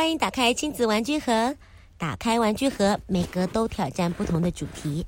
歡迎打開親子玩具盒，打開玩具盒，每個都挑戰不同的主題，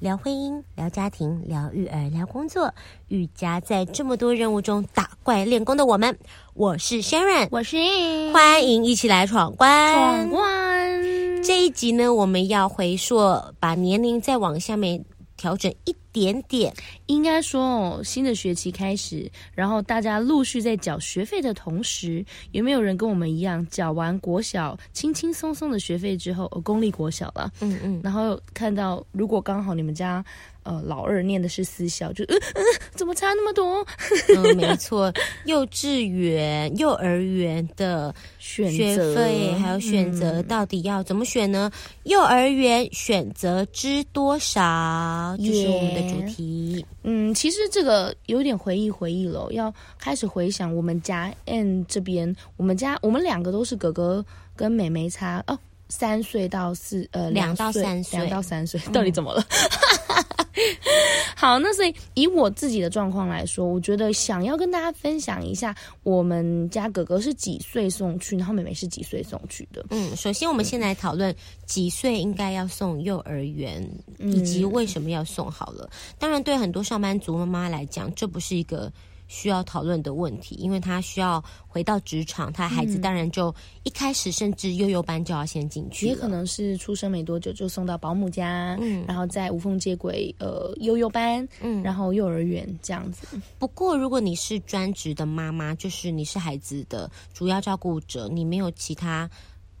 聊婚姻，聊家庭，聊育兒，聊工作。與夾在這麼多任務中打怪練功的我們，我是 Sharon，我是茵。歡迎一起來闖關。闖關！這一集呢，我們要回溯，把年齡再往下面。調整一點點，應該說哦，新的學期開始，然後大家陸續在繳學費的同時，有沒有人跟我們一樣，繳完國小輕輕鬆鬆的學費之後，哦，公立國小了，嗯嗯，然後看到如果剛好你們家。呃，老二念的是私校，就呃，呃，怎麼差那麼多？ 嗯，沒錯，幼稚園、幼兒園的學費選擇還有選擇、嗯，到底要怎麼選呢？幼兒園選擇知多少？就是我們的主題。嗯，其實這個有點回憶回憶了，要開始回想我們家 Ann 這邊，我們家我們兩個都是哥哥跟妹妹差哦，三歲到四呃，兩到三歲，兩到三歲，到，三歲嗯、到底怎麼了？ 好，那所以以我自己的狀況來說，我覺得想要跟大家分享一下，我們家哥哥是幾歲送去，然後妹妹是幾歲送去的。嗯，首先我們先來討論幾歲應該要送幼兒園、嗯，以及為什麼要送好了。當然對很多上班族媽媽來講，這不是一個。需要討論的問題，因為他需要回到職場，他孩子當然就一開始甚至幼幼班就要先進去了，也可能是出生沒多久就送到保姆家，嗯，然後在無縫接軌呃幼幼班，嗯，然後幼兒園這樣子。不過如果你是專職的媽媽，就是你是孩子的主要照顧者，你沒有其他。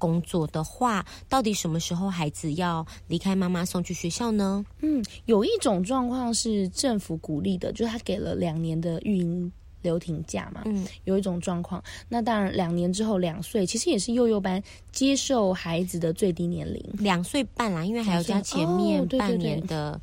工作的話，到底什麼時候孩子要離開媽媽送去學校呢？嗯，有一種狀況是政府鼓勵的，就是他給了兩年的育嬰留停假嘛。嗯，有一種狀況，那當然兩年之後兩歲，其實也是幼幼班接受孩子的最低年齡，兩歲半啦，因為還要加前面，三歲、哦、對對對半年的。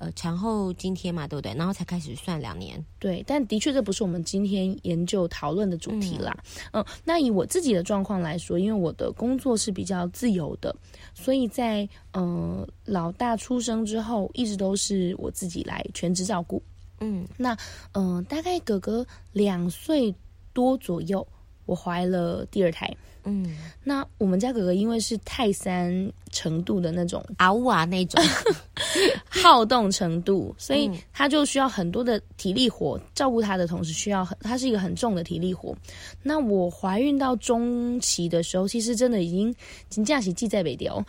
呃，產後津貼嘛，對不對？然後才開始算兩年。對，但的確這不是我們今天研究討論的主題啦。嗯，呃、那以我自己的狀況來說，因為我的工作是比較自由的，所以在嗯、呃，老大出生之後，一直都是我自己來全職照顧。嗯，那嗯、呃、大概哥哥兩歲多左右，我懷了第二胎。嗯，那我們家哥哥因為是泰山程度的那種啊嗚那種，好動程度、嗯 嗯，所以他就需要很多的體力活，照顧他的同時需要很，他是一個很重的體力活。那我懷孕到中期的時候，其實真的已經請假，起騎在北調。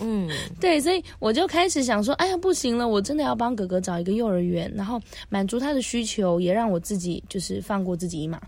嗯， 對，所以我就開始想說，哎呀不行了，我真的要幫哥哥找一個幼兒園，然後滿足他的需求，也讓我自己就是放過自己一馬。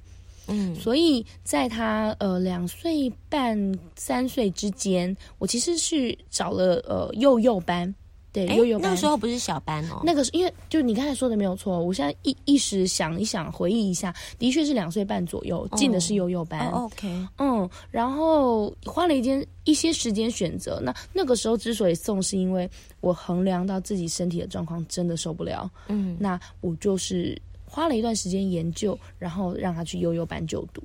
嗯，所以在他呃兩歲半三歲之間，我其實是找了呃幼幼班，對、欸、幼幼班。那個時候不是小班哦，那個是因為就你剛才說的沒有錯，我現在一一時想一想回憶一下，的確是兩歲半左右進、oh, 的是幼幼班。Oh, OK，嗯，然後花了一間一些時間選擇。那那個時候之所以送，是因為我衡量到自己身體的狀況真的受不了。嗯，那我就是。花了一段時間研究，然後讓他去幼幼班就讀。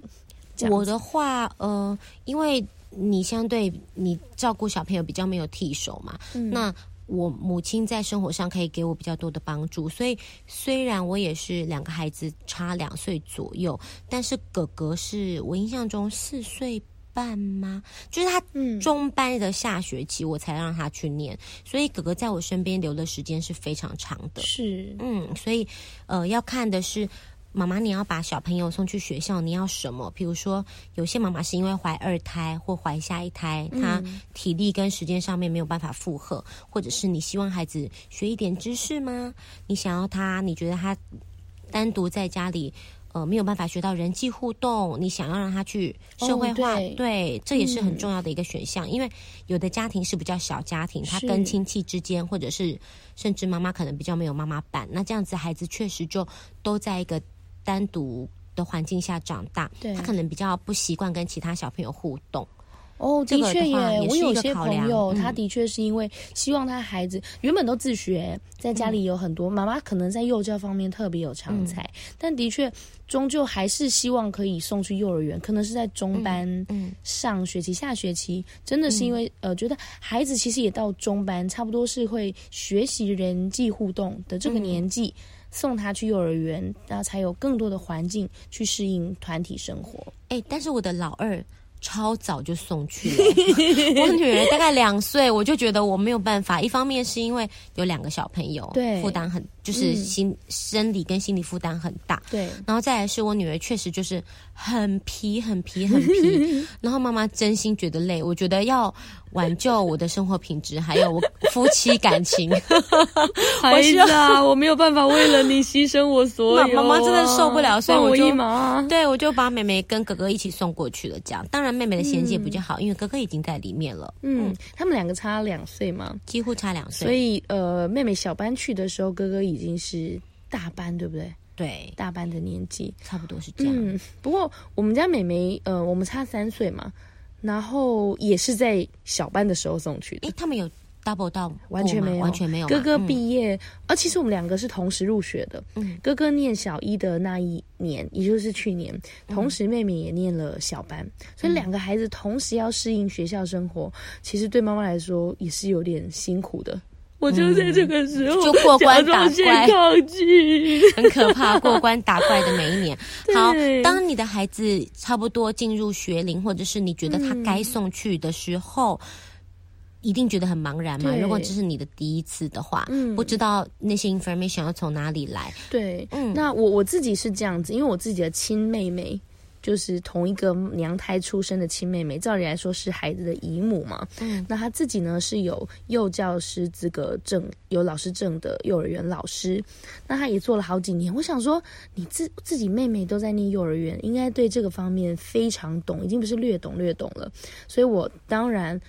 我的話，呃，因為你相對你照顧小朋友比較沒有替手嘛、嗯，那我母親在生活上可以給我比較多的幫助。所以雖然我也是兩個孩子差兩歲左右，但是哥哥是我印象中四歲。辦嗎？就是他中班的下學期，我才讓他去念，嗯，所以哥哥在我身邊留的時間是非常長的。是，嗯，所以呃，要看的是媽媽，你要把小朋友送去學校，你要什麼？比如說，有些媽媽是因為懷二胎或懷下一胎，嗯，她體力跟時間上面沒有辦法負荷，或者是你希望孩子學一點知識嗎？你想要他？你覺得他單獨在家裡？呃，沒有辦法學到人際互動，你想要讓他去社會化，哦、對，對，這也是很重要的一個選項。嗯、因為有的家庭是比較小家庭，他跟親戚之間，或者是甚至媽媽可能比較沒有媽媽伴，那這樣子孩子確實就都在一個單獨的環境下長大，對，他可能比較不習慣跟其他小朋友互動。哦、oh,，這個、的確耶，我有些朋友、嗯，他的確是因為希望他孩子、嗯、原本都自學，在家裡有很多媽媽可能在幼教方面特別有長才、嗯，但的確終究還是希望可以送去幼兒園，可能是在中班，嗯，上學期、下學期，真的是因為、嗯、呃覺得孩子其實也到中班，差不多是會學習人際互動的這個年紀、嗯，送他去幼兒園，然後才有更多的環境去適應團體生活。哎，但是我的老二。超早就送去了 我女兒大概兩歲，我就覺得我沒有辦法。一方面是因為有兩個小朋友，負擔很大。就是心、嗯、生理跟心理負擔很大，對，然後再來是我女兒確實就是很皮很皮很皮， 然後媽媽真心覺得累。我覺得要挽救我的生活品質， 還有夫妻感情。還 是子啊 我，我沒有辦法為了你犧牲我所有、啊。媽媽真的受不了，啊、所以我就對，我就把妹妹跟哥哥一起送過去了。這樣，當然妹妹的銜接不就好、嗯，因為哥哥已經在裡面了。嗯，嗯他們兩個差兩歲嘛，幾乎差兩歲。所以呃，妹妹小班去的時候，哥哥。已經是大班，對不對？對，大班的年紀差不多是這樣。嗯，不過我們家妹妹呃，我們差三歲嘛，然後也是在小班的時候送去的。誒他們有 double 到？完全沒有，完全沒有。哥哥畢業、嗯，啊，其實我們兩個是同時入學的。嗯、哥哥念小一的那一年，也就是去年，同時妹妹也念了小班，嗯、所以兩個孩子同時要適應學校生活，嗯、其實對媽媽來說也是有點辛苦的。我就在這個時候、嗯、就過關打怪， 很可怕。過關打怪的每一年，好，當你的孩子差不多進入學齡，或者是你覺得他該送去的時候、嗯，一定覺得很茫然嘛。如果這是你的第一次的話，嗯、不知道那些 information 要從哪裡來。對，嗯、那我我自己是這樣子，因為我自己的親妹妹。就是同一個娘胎出生的親妹妹，照理來說是孩子的姨母嘛。嗯，那她自己呢是有幼教師資格證，有老師證的幼兒園老師。那她也做了好幾年。我想說，你自自己妹妹都在念幼兒園，應該對這個方面非常懂，已經不是略懂略懂了。所以我當然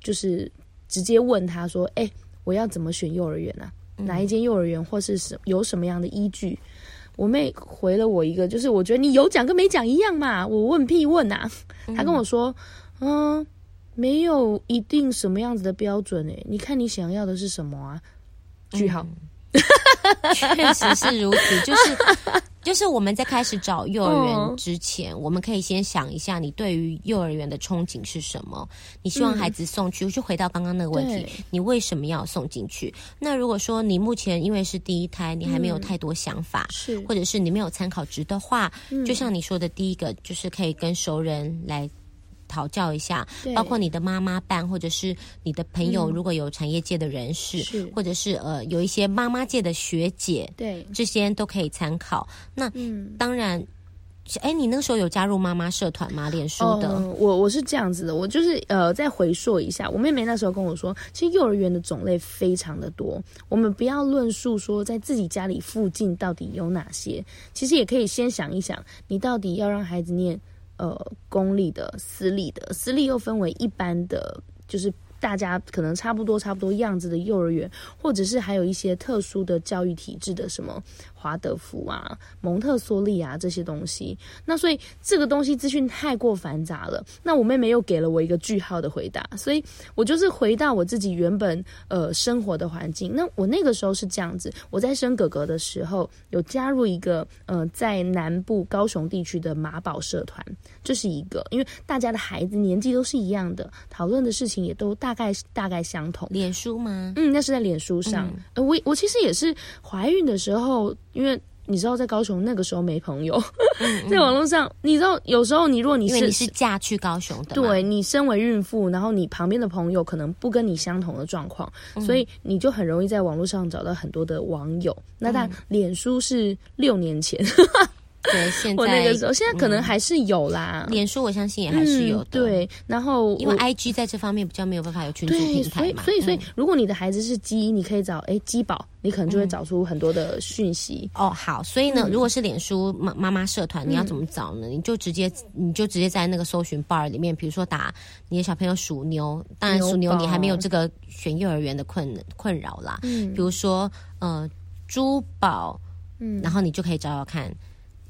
就是直接問她說：“誒，我要怎麼選幼兒園呢、啊？哪一間幼兒園，或是什有什麼樣的依據？”嗯我妹回了我一個，就是我覺得你有講跟沒講一樣嘛。我問屁問啊，她跟我說，嗯，嗯，沒有一定什麼樣子的標準誒、欸，你看你想要的是什麼啊？句號。Okay. 確實是如此，就是就是我們在開始找幼兒園之前、嗯，我們可以先想一下，你對於幼兒園的憧憬是什麼？你希望孩子送去？我、嗯、就回到剛剛那個問題，你為什麼要送進去？那如果說你目前因為是第一胎，你還沒有太多想法，嗯、是或者是你沒有參考值的話、嗯，就像你說的，第一個就是可以跟熟人來。討教一下，包括你的媽媽班，或者是你的朋友，嗯、如果有產業界的人士，或者是呃有一些媽媽界的學姐，對，這些都可以參考。那、嗯、當然，哎，你那時候有加入媽媽社團嗎？臉書的？Oh, 我我是這樣子的，我就是呃再回溯一下，我妹妹那時候跟我說，其實幼兒園的種類非常的多，我們不要論述說在自己家裡附近到底有哪些，其實也可以先想一想，你到底要讓孩子念。呃，公立的、私立的，私立又分為一般的，就是。大家可能差不多差不多樣子的幼兒園，或者是還有一些特殊的教育體制的，什麼華德福啊、蒙特梭利啊這些東西。那所以這個東西資訊太過繁雜了。那我妹妹又給了我一個句號的回答，所以我就是回到我自己原本呃生活的環境。那我那個時候是這樣子，我在生哥哥的時候有加入一個呃在南部高雄地區的媽寶社團，這，就是一個，因為大家的孩子年紀都是一樣的，討論的事情也都大。大概大概相同，臉書嗎？嗯，那是在臉書上。嗯、我我其實也是懷孕的時候，因為你知道，在高雄那個時候沒朋友，嗯嗯，在網絡上，你知道有時候你如果你是，因為你是嫁去高雄的，對你身為孕婦，然後你旁邊的朋友可能不跟你相同的狀況，嗯、所以你就很容易在網絡上找到很多的網友。嗯、那但臉書是六年前。 對，現在我、嗯、現在可能還是有啦。臉書我相信也還是有的。嗯、對，然後因為 IG 在這方面比較沒有辦法有群組平台嘛，所以所以，嗯、所以如果你的孩子是雞，你可以找哎雞寶，你可能就會找出很多的訊息。嗯、哦，好，所以呢，嗯、如果是臉書媽媽媽社團，你要怎麼找呢？嗯、你就直接你就直接在那個搜尋 bar 裡面，比如說打你的小朋友屬牛，當然屬牛你還沒有這個選幼兒園的困困擾啦。嗯，比如說呃珠寶，嗯，然後你就可以找找看。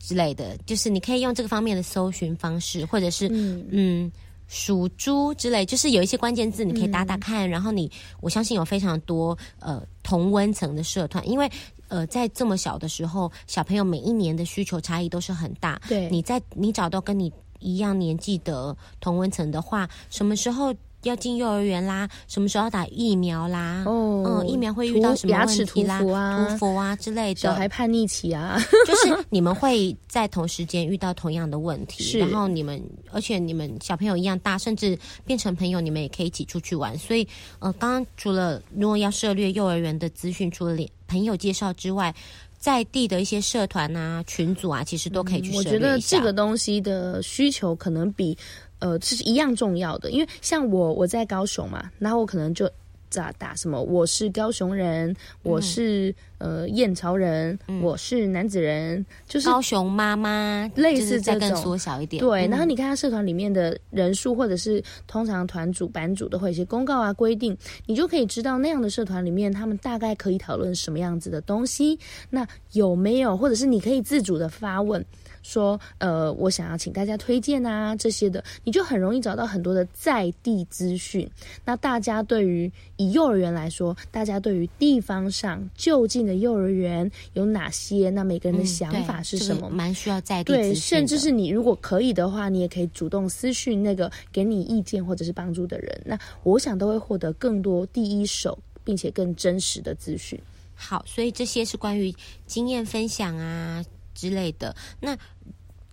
之類的，就是你可以用這個方面的搜尋方式，或者是嗯，嗯、屬豬之類，就是有一些關鍵字，你可以打打看、嗯。然後你，我相信有非常多呃同溫層的社團，因為呃在這麼小的時候，小朋友每一年的需求差異都是很大。對，你在你找到跟你一樣年紀的同溫層的話，什麼時候？要進幼兒園啦，什麼時候要打疫苗啦？哦，oh，嗯，疫苗會遇到什麼問題啦？牙齒塗氟啊、塗氟啊之類的。小孩叛逆期啊， 就是你們會在同時間遇到同樣的問題，是，然後你們，而且你們小朋友一樣大，甚至變成朋友，你們也可以一起出去玩。所以，呃，剛剛除了如果要涉獵幼兒園的資訊，除了朋友介紹之外，在地的一些社團啊、群組啊，其實都可以去涉獵。我覺得這個東西的需求可能比呃，是一樣重要的，因為像我，我在高雄嘛，然後我可能就咋打什麼，我是高雄人，我是、嗯、呃燕巢人、嗯，我是楠梓人，就是高雄媽媽，類似這種，就是、縮小一點對、嗯。然後你看他社團裡面的人數，或者是通常團組、版主都會有一些公告啊規定，你就可以知道那樣的社團裡面他們大概可以討論什麼樣子的東西，那有沒有，或者是你可以自主的發問。說呃，我想要請大家推薦啊，這些的你就很容易找到很多的在地資訊。那大家對於以幼兒園來說，大家對於地方上就近的幼兒園有哪些？那每個人的想法是什麼？嗯，這個、蠻需要在地資訊。對，甚至是你如果可以的話，你也可以主動私訊那個給你意見或者是幫助的人。那我想都會獲得更多第一手並且更真實的資訊。好，所以這些是關於經驗分享啊之類的。那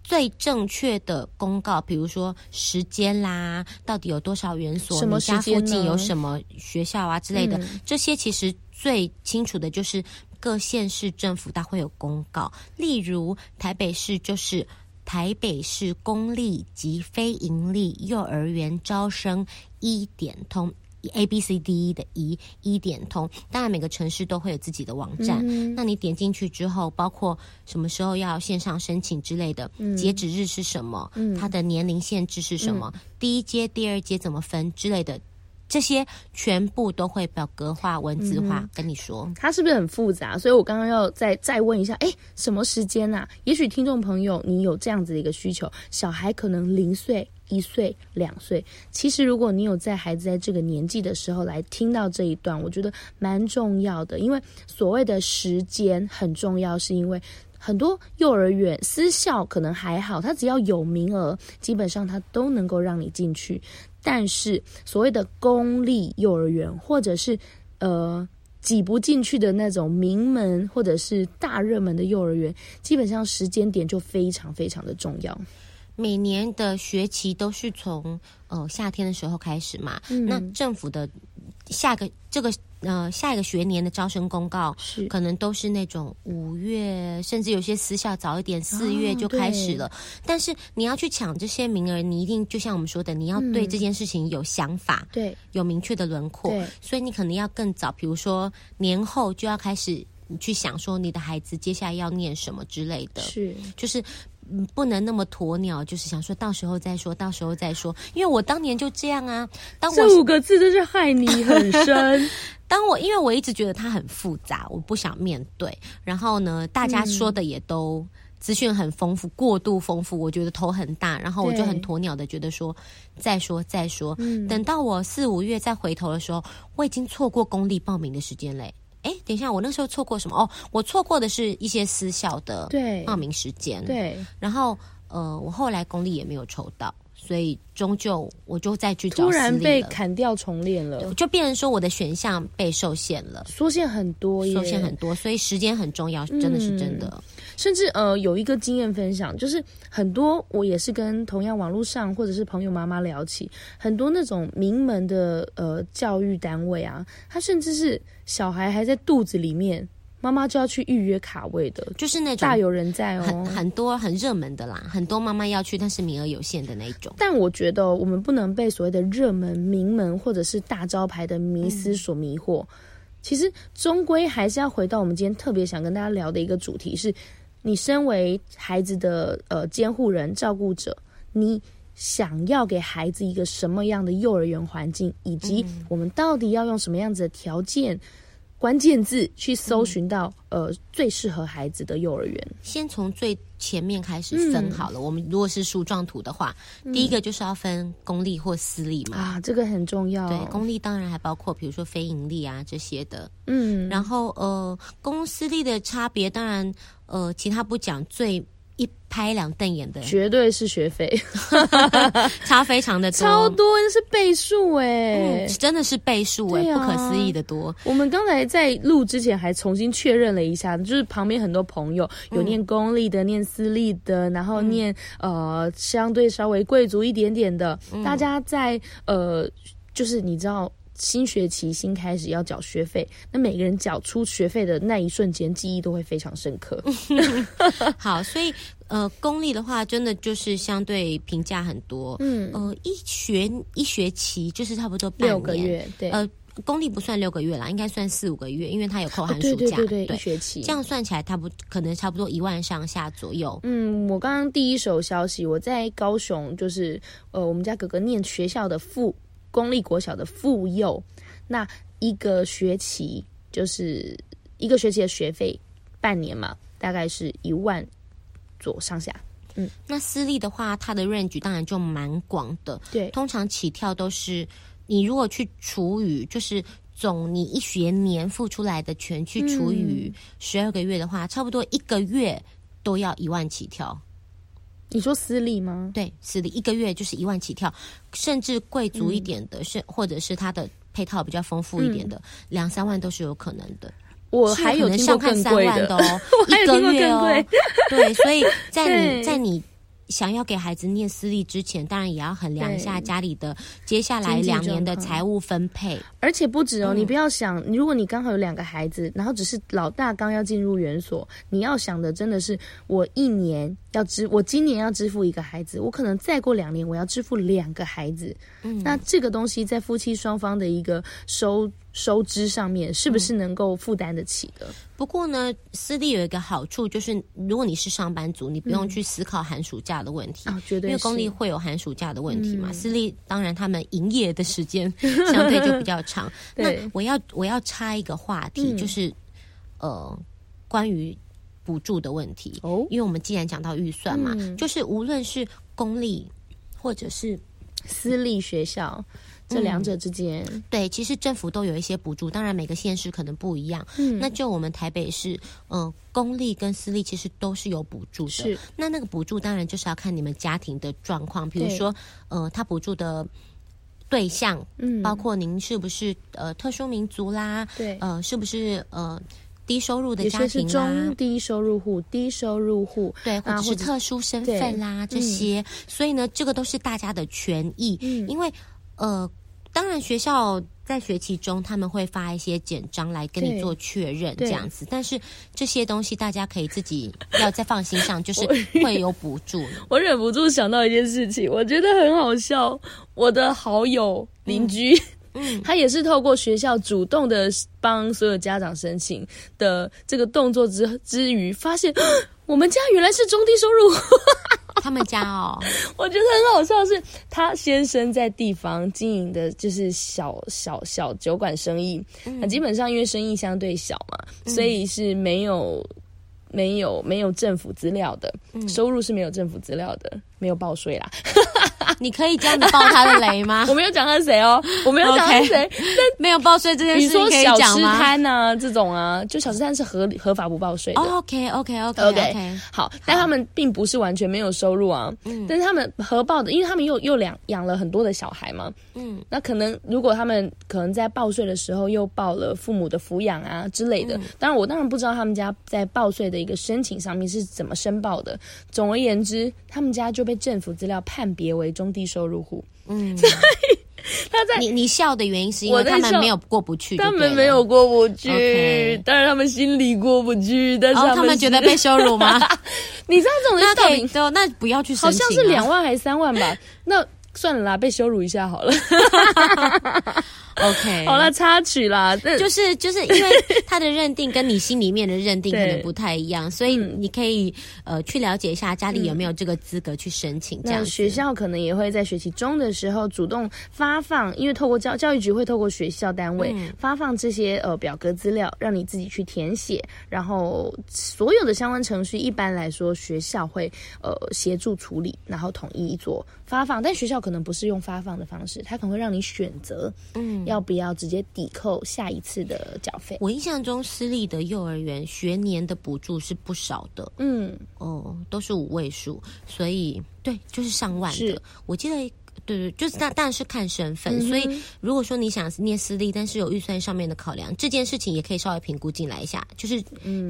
最正確的公告，比如說時間啦，到底有多少園所？你家附近有什麼學校啊之類的、嗯？這些其實最清楚的就是各縣市政府它會有公告。例如台北市就是台北市公立及非營利幼兒園招生 e 點通。A B C D E 的 E 一點通，當然每個城市都會有自己的網站、嗯。那你點進去之後，包括什麼時候要線上申請之類的，嗯、截止日是什麼、嗯？它的年齡限制是什麼、嗯？第一階、第二階怎麼分之類的，這些全部都會表格化、文字化、嗯、跟你說。它是不是很複雜？所以我剛剛要再再問一下，哎，什麼時間吶、啊？也許聽眾朋友你有這樣子的一個需求，小孩可能零歲。一歲、兩歲，其實如果你有在孩子在這個年紀的時候來聽到這一段，我覺得蠻重要的。因為所謂的時間很重要，是因為很多幼兒園私校可能還好，他只要有名額，基本上他都能夠讓你進去。但是所謂的公立幼兒園，或者是呃擠不進去的那種名門或者是大熱門的幼兒園，基本上時間點就非常非常的重要。每年的學期都是從呃夏天的時候開始嘛，嗯、那政府的下個這個呃下一個學年的招生公告，是可能都是那種五月，甚至有些私校早一點四月就開始了。哦、但是你要去搶這些名額，你一定就像我們說的，你要對這件事情有想法，對、嗯，有明確的輪廓，對，所以你可能要更早，比如說年後就要開始你去想說你的孩子接下來要念什麼之類的，是，就是。不能那麼鴕鳥，就是想說到時候再說，到時候再說。因為我當年就這樣啊，當我這五個字真是害你很深。 當我因為我一直覺得它很複雜，我不想面對。然後呢，大家說的也都資訊很豐富，嗯、過度豐富，我覺得頭很大。然後我就很鴕鳥的覺得說，再說再說、嗯。等到我四五月再回頭的時候，我已經錯過公立報名的時間了。哎，等一下，我那時候錯過什麼？哦，我錯過的是一些私校的報名時間。對，對，然後呃，我後來公立也沒有抽到。所以，終究我就再去找，突然被砍掉重練了，就變成說我的選項被受限了，縮限很多，縮限很多，所以時間很重要，嗯，真的是真的。甚至呃，有一個經驗分享，就是很多我也是跟同樣網絡上或者是朋友媽媽聊起，很多那種名門的呃教育單位啊，他甚至是小孩還在肚子裡面，媽媽就要去預約卡位的，就是那種很大有人在哦，很，很多很熱門的啦，很多媽媽要去，但是名額有限的那一種。但我覺得我們不能被所謂的熱門、名門或者是大招牌的迷思所迷惑。嗯。其實終歸還是要回到我們今天特別想跟大家聊的一個主題是：是你身為孩子的呃監護人、照顧者，你想要給孩子一個什麼樣的幼兒園環境，以及我們到底要用什麼樣子的條件？嗯嗯關鍵字去搜尋到、嗯、呃最適合孩子的幼兒園，先從最前面開始分好了。嗯、我們如果是樹狀圖的話、嗯，第一個就是要分公立或私立嘛，啊，這個很重要。對，公立當然還包括比如說非營利啊這些的，嗯，然後呃公私立的差別，當然呃其他不講最。一拍兩瞪眼的，絕對是學費 差非常的多，超多，那是倍數哎，嗯，真的是倍數哎，啊，不可思議的多。我們剛才在錄之前還重新確認了一下，就是旁邊很多朋友有念公立的，嗯，念私立的，然後念、嗯、呃相對稍微貴族一點點的，大家在呃就是你知道。新學期新開始，要繳學費，那每個人繳出學費的那一瞬間，記憶都會非常深刻。 好，所以呃，公立的話，真的就是相對平價很多。嗯，呃，一學一學期就是差不多半年，六個月。對，呃，公立不算六個月啦，應該算四五個月，因為它有扣寒暑假。哦、對對對對，一學期這樣算起來，差不多，可能差不多一萬上下左右。嗯，我剛剛第一手消息，我在高雄，就是呃，我們家哥哥念學校的附。公立國小的附幼，那一個學期就是一個學期的學費，半年嘛，大概是一萬左右上下。嗯，那私立的話，它的 range 當然就蠻廣的。對，通常起跳都是，你如果去除以，就是總你一學年付出來的錢去除以十二個月的話，差不多一個月都要一萬起跳。你說私立嗎？對，私立一個月就是一萬起跳，甚至貴族一點的，是、嗯、或者是它的配套比較豐富一點的，兩、嗯、三萬都是有可能的。我還有是可能上看三萬的哦，一個月哦。 對，所以在你，在你。想要給孩子念私立之前，當然也要衡量一下家裡的接下來兩年的財務分配。而且不止哦、嗯，你不要想，如果你剛好有兩個孩子，然後只是老大剛要進入園所，你要想的真的是我一年要支，我今年要支付一個孩子，我可能再過兩年我要支付兩個孩子。嗯，那這個東西在夫妻雙方的一個收。收支上面是不是能夠負擔得起的，嗯？不過呢，私立有一個好處就是，如果你是上班族，你不用去思考寒暑假的問題，嗯哦，絕對是。因為公立會有寒暑假的問題嘛。嗯，私立當然他們營業的時間相對就比較長。 那我要我要插一個話題，嗯，就是呃，關於補助的問題哦，因為我們既然講到預算嘛，嗯，就是無論是公立或者是私立學校。嗯這兩者之間、嗯，對，其實政府都有一些補助，當然每個縣市可能不一樣。嗯、那就我們台北市，嗯、呃，公立跟私立其實都是有補助的。是，那那個補助當然就是要看你們家庭的狀況，比如說，呃，他補助的對象，嗯，包括您是不是呃特殊民族啦，對，呃，是不是呃低收入的家庭啦、中低收入戶、低收入戶，對，或者是、啊、特殊身份啦這些、嗯，所以呢，這個都是大家的權益，嗯、因為呃。當然，學校在學期中他們會發一些簡章來跟你做確認，這樣子。但是這些東西大家可以自己要在放心上，就是會有補助我。我忍不住想到一件事情，我覺得很好笑。我的好友鄰居，嗯，他也是透過學校主動的幫所有家長申請的這個動作之之餘，發現我們家原來是中低收入。 他們家哦， 我覺得很好笑，是他先生在地方經營的，就是小小小酒館生意。那、嗯、基本上因為生意相對小嘛，所以是沒有沒有沒有政府資料的，收入是沒有政府資料的。沒有報稅啦， 你可以這樣子爆他的雷嗎？ 我沒有講到誰哦，我沒有講到誰，沒有報稅這件事情，你說小吃攤啊， 這種啊，就小吃攤是合合法不報稅的。Oh, OK OK OK OK OK，, okay. 好，好，但他們並不是完全沒有收入啊，嗯、但是他們合報的，因為他們又又兩養了很多的小孩嘛，嗯，那可能如果他們可能在報稅的時候又報了父母的撫養啊之類的、嗯，當然我當然不知道他們家在報稅的一個申請上面是怎麼申報的。總而言之，他們家就。被政府資料判別為中低收入戶，嗯，所以他在你你笑的原因是因為他們沒有過不去，他們沒有過不去，但、OK、是他們心裡過不去，但是他們，是、哦、他們覺得被羞辱嗎？ 你知道這種事情，對，那不要去，好像是兩萬還是三萬吧？ 那。算了啦，被羞辱一下好了。哈哈哈 OK，好了，那插曲啦，對，就是 就是因為他的認定跟你心裡面的認定可能不太一樣，所以你可以呃去了解一下家裡有沒有這個資格去申請。這樣、嗯、學校可能也會在學期中的時候主動發放，因為透過教教育局會透過學校單位發放這些呃表格資料，讓你自己去填寫，然後所有的相關程序一般來說學校會呃協助處理，然後統一做。發放，但學校可能不是用發放的方式，它可能會讓你選擇，嗯，要不要直接抵扣下一次的繳費。嗯。我印象中私立的幼兒園學年的補助是不少的，嗯，哦，都是五位數，所以對，就是上萬的。我記得。.對,對對，就是但但是看身份，嗯，所以如果說你想念私立，但是有預算上面的考量，這件事情也可以稍微評估進來一下，就是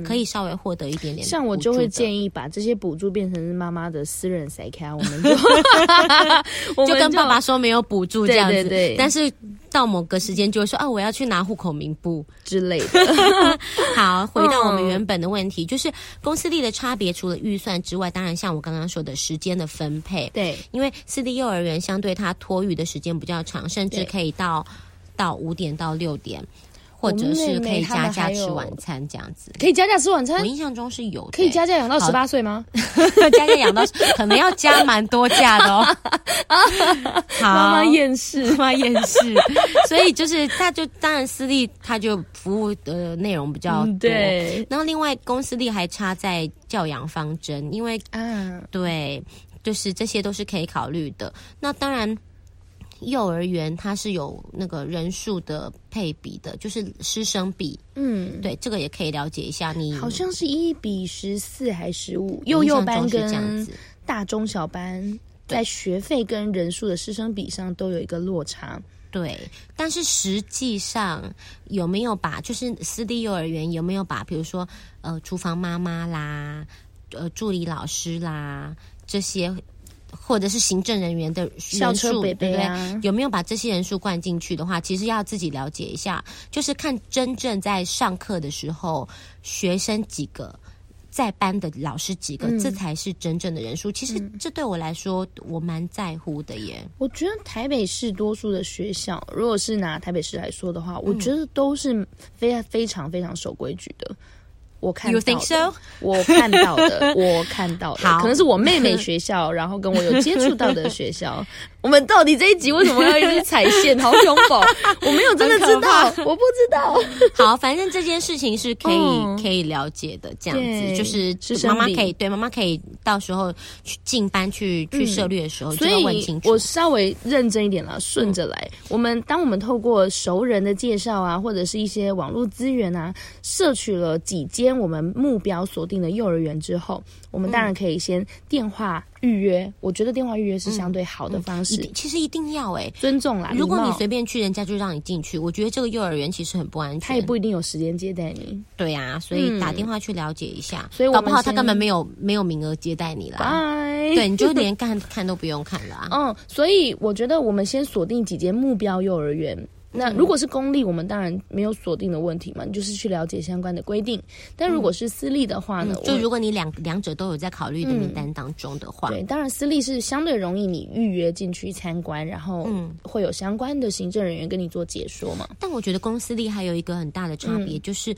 可以稍微獲得一點點的、嗯。像我就會建議把這些補助變成是媽媽的私人財產，我們就 我們就,就跟爸爸說沒有補助這樣子，對對對但是。到某個時間就會說哦、啊，我要去拿戶口名簿之類的。 好，回到我們原本的問題，嗯、就是公私立的差別，除了預算之外，當然像我剛剛說的時間的分配，對，因為私立幼兒園相對它托育的時間比較長，甚至可以到到五點到六點。妹妹，或者是可以加價吃晚餐這樣子，可以加價吃晚餐。我印象中是有的、欸、可以加價養到十八歲嗎？ 加價養養到 可能要加蠻多價的、哦。 媽媽厭世，媽，媽厭世。所以就是他就當然私立他就服務的內容比較多。嗯、對，然後另外公私立還差在教養方針，因為嗯對，就是這些都是可以考慮的。那當然。幼兒園它是有那個人數的配比的，就是師生比，嗯，對，這個也可以了解一下。你好像是一比十四還是十五？幼幼班跟大中小班，中小班在學費跟人數的師生比上都有一個落差，對。但是實際上有沒有把，就是私立幼兒園有沒有把，比如說呃，廚房媽媽啦，呃，助理老師啦這些。或者是行政人員的人數，對對，有沒有把這些人數灌進去的話，其實要自己了解一下，就是看真正在上課的時候，學生幾個，在班的老師幾個，這、嗯、才是真正的人數。其實這對我來說，嗯、我蠻在乎的耶。我覺得台北市多數的學校，如果是拿台北市來說的話，我覺得都是非非常非常守規矩的。我看到的，You think so? 我看到的，我看到的， 可能是我妹妹學校， 然後跟我有接觸到的學校。 我們到底這一集為什麼要一直踩線？好兇暴！ 我沒有真的知道，我不知道。 好，反正這件事情是可以、嗯、可以了解的，這樣子就是媽媽可以對，媽媽可以到時候去進班去去涉獵的時候、嗯、就要問清楚。我稍微認真一點啦，順着來、嗯。我們當我們透過熟人的介紹啊，或者是一些網絡資源啊，攝取了幾間我們目標鎖定的幼兒園之後。我們當然可以先電話預約、嗯，我覺得電話預約是相對好的方式。嗯嗯、其實一定要哎、欸，尊重啦。如果你隨便去，人家就讓你進去，我覺得這個幼兒園其實很不安全。他也不一定有時間接待你。對啊，所以打電話去了解一下，所、嗯、以搞不好他根本沒有沒有名額接待你啦。對，你就連看 看都不用看了、啊。嗯，所以我覺得我們先鎖定幾間目標幼兒園。那如果是公立，嗯、我們當然沒有鎖定的問題嘛，你就是去了解相關的規定。但如果是私立的話呢？嗯、就如果你兩兩者都有在考慮的名單當中的話、嗯，對，當然私立是相對容易，你預約進去參觀，然後會有相關的行政人員跟你做解說嘛。嗯、但我覺得公私立還有一個很大的差別、嗯、就是。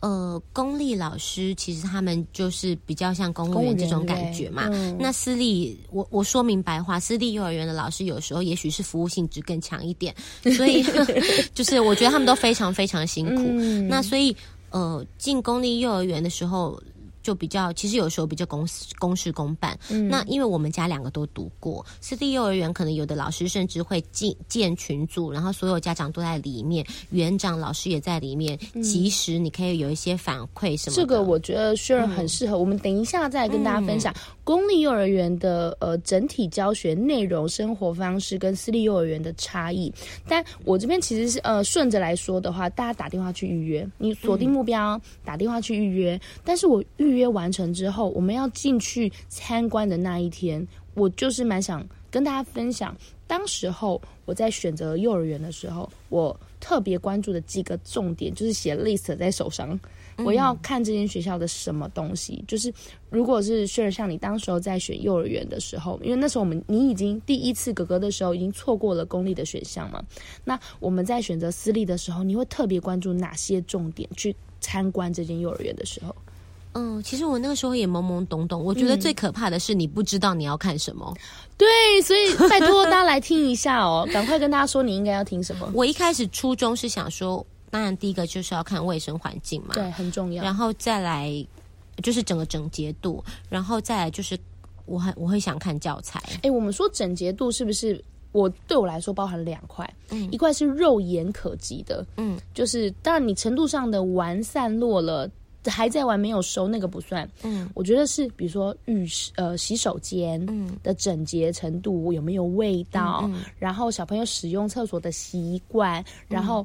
呃，公立老師其實他們就是比較像公務員這種感覺嘛。嗯、那私立，我我說明白話，私立幼兒園的老師有時候也許是服務性質更強一點，所以 就是我覺得他們都非常非常辛苦。嗯、那所以，呃，進公立幼兒園的時候。就比較，其實有時候比較公事公事公辦，嗯。那因為我們家兩個都讀過私立幼兒園，可能有的老師甚至會建建群組，然後所有家長都在裡面，園長老師也在裡面，嗯，其實你可以有一些反饋什麼。這個我覺得雖然很適合，嗯，我們等一下再跟大家分享公立幼兒園的呃整體教學內容、生活方式跟私立幼兒園的差異。但我這邊其實是呃順着來說的話，大家打電話去預約，你鎖定目標，嗯、打電話去預約，但是我預。預約完成之後，我們要進去參觀的那一天，我就是蠻想跟大家分享當時候我在選擇幼兒園的時候，我特別關注的幾個重點就是寫 list 在手上。我要看這間學校的什麼東西。嗯、就是如果是 Sharon，像你當時候在選幼兒園的時候，因為那時候我們你已經第一次哥哥的時候已經錯過了公立的選項嘛。那我們在選擇私立的時候，你會特別關注哪些重點？去參觀這間幼兒園的時候。嗯，其實我那個時候也懵懵懂懂。我覺得最可怕的是你不知道你要看什麼。嗯、對，所以拜托大家來聽一下哦、喔，趕 快跟大家說你應該要聽什麼。我一開始初衷是想說，當然第一個就是要看衛生環境嘛，對，很重要。然後再來就是整個整潔度，然後再來就是我很，我會想看教材。哎、欸，我們說整潔度是不是，我對我來說包含兩塊？嗯，一塊是肉眼可及的，嗯，就是當然你程度上的完善落了。還在玩沒有收那個不算。嗯，我覺得是比如說浴呃洗手間的整潔程度、嗯、有沒有味道、嗯嗯，然後小朋友使用廁所的習慣、嗯，然後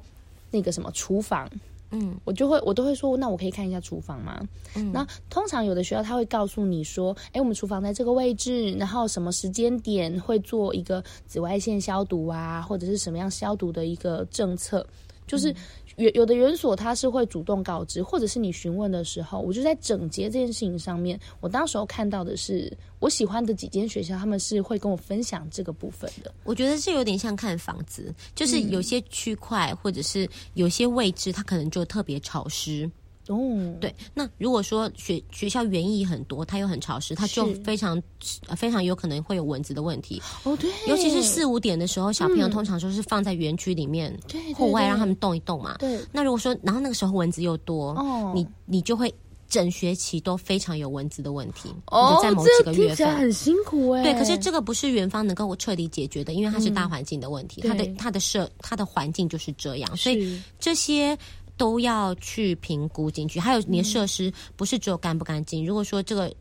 那個什麼廚房，嗯，我就會我都會說，那我可以看一下廚房嗎？那、嗯、通常有的學校他會告訴你說，哎、欸，我們廚房在這個位置，然後什麼時間點會做一個紫外線消毒啊，或者是什麼樣消毒的一個政策，就是。嗯有有的園所他是會主動告知，或者是你詢問的時候，我就在整潔這件事情上面，我當時候看到的是我喜歡的幾間學校，他們是會跟我分享這個部分的。我覺得這有點像看房子，就是有些區塊或者是有些位置，它可能就特別潮濕。哦、oh,，對，那如果說學學校園藝很多，它又很潮濕，它就非常、呃、非常有可能會有蚊子的問題。哦、oh,，對，尤其是四五點的時候，小朋友通常就是放在園區裡面，對，對，對，對，戶外讓他們動一動嘛。對，對，對，那如果說然後那個時候蚊子又多，哦、oh,，你你就會整學期都非常有蚊子的問題。你就在某幾個月份。哦，oh, 這聽起來很辛苦耶，對，可是這個不是園方能夠徹底解決的，因為它是大環境的問題，嗯、它的它的設它的環境就是這樣，所以這些。都要去評估進去，還有你的設施不是只有乾不乾淨、嗯。如果說這個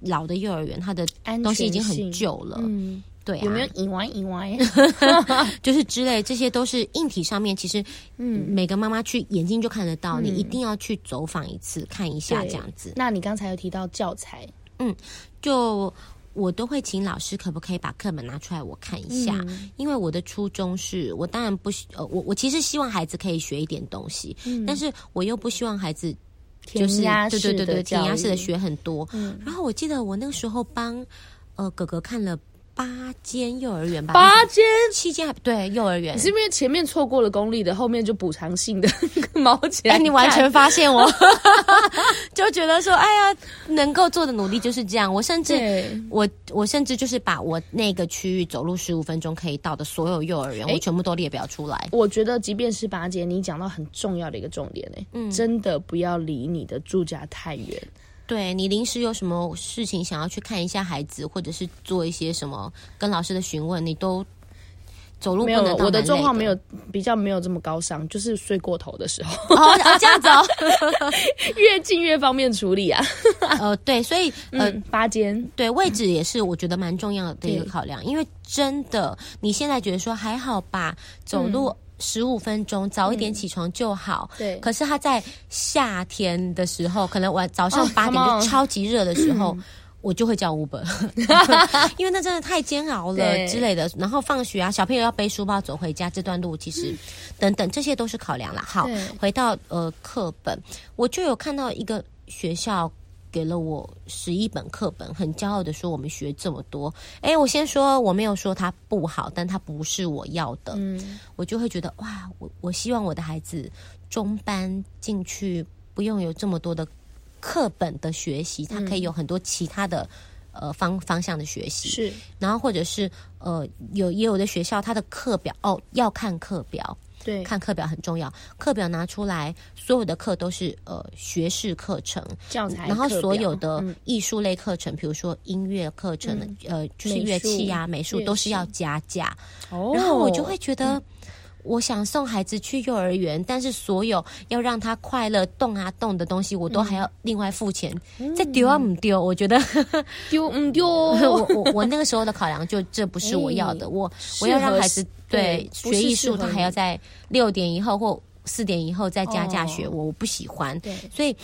老的幼兒園，它的東西已經很舊了，嗯、對、啊，有沒有隱患隱患？ 就是之類，這些都是硬體上面，其實嗯，每個媽媽去眼睛就看得到、嗯，你一定要去走訪一次、嗯、看一下這樣子。那你剛才有提到教材，嗯，就。我都會請老師，可不可以把課本拿出來我看一下？嗯、因為我的初衷是，我當然不希呃，我我其實希望孩子可以學一點東西，嗯、但是我又不希望孩子，就是，填鴨式的教育，對對對對，填鴨式的學很多。嗯、然後我記得我那個時候幫呃哥哥看了。八間幼兒園吧，八間七間還不對，幼兒園。你是因為前面錯過了公立的，後面就補償性的 毛錢。哎、欸，你完全發現我， 就覺得說，哎呀，能夠做的努力就是這樣。我甚至，我我甚至就是把我那個區域走路十五分鐘可以到的所有幼兒園，欸，我全部都列表出來。我覺得，即便是八間，你講到很重要的一個重點，欸，哎，嗯，真的不要離你的住家太遠。對，你臨時有什麼事情想要去看一下孩子，或者是做一些什麼跟老師的詢問，你都走路沒有，我的狀況沒有比較沒有這麼高尚，就是睡過頭的時候。哦，啊、這樣子， 越近越方便處理啊。 呃，對，所以、呃、嗯，八間對位置也是我覺得蠻重要的一個考量，因為真的你現在覺得說還好吧，走路、嗯。十五分鐘，早一點起床就好，嗯。對，可是他在夏天的時候，可能晚早上八點就超級熱的時候，Oh, 我就會叫 Uber， 因為那真的太煎熬了之類的。然後放學啊，小朋友要背書包走回家，這段路其實、嗯、等等這些都是考量了。好，回到呃課本，我就有看到一個學校。給了我十一本課本，很驕傲的說，我們學這麼多。哎、欸，我先說我沒有說他不好，但他不是我要的。嗯，我就會覺得哇，我我希望我的孩子中班進去不用有這麼多的課本的學習，他可以有很多其他的、嗯、呃方方向的學習。是，然後或者是呃有也有的學校他的課表哦，要看課表。對，看課表很重要。課表拿出來，所有的課都是呃學士課程，這樣才。然後所有的藝術類課程，嗯、比如說音樂課程、嗯、呃，就是樂器啊、美術，美術都是要加價。哦、嗯。然後我就會覺得，我想送孩子去幼兒園、嗯，但是所有要讓他快樂動啊動的東西，我都還要另外付錢。再、嗯、丟啊不丟？我覺得丟、嗯、 不丟？我我我那個時候的考量就這不是我要的，哎、我我要讓孩子。對，對，學藝術他還要在六點以後或四點以後再加價學，我、哦、我不喜歡，所以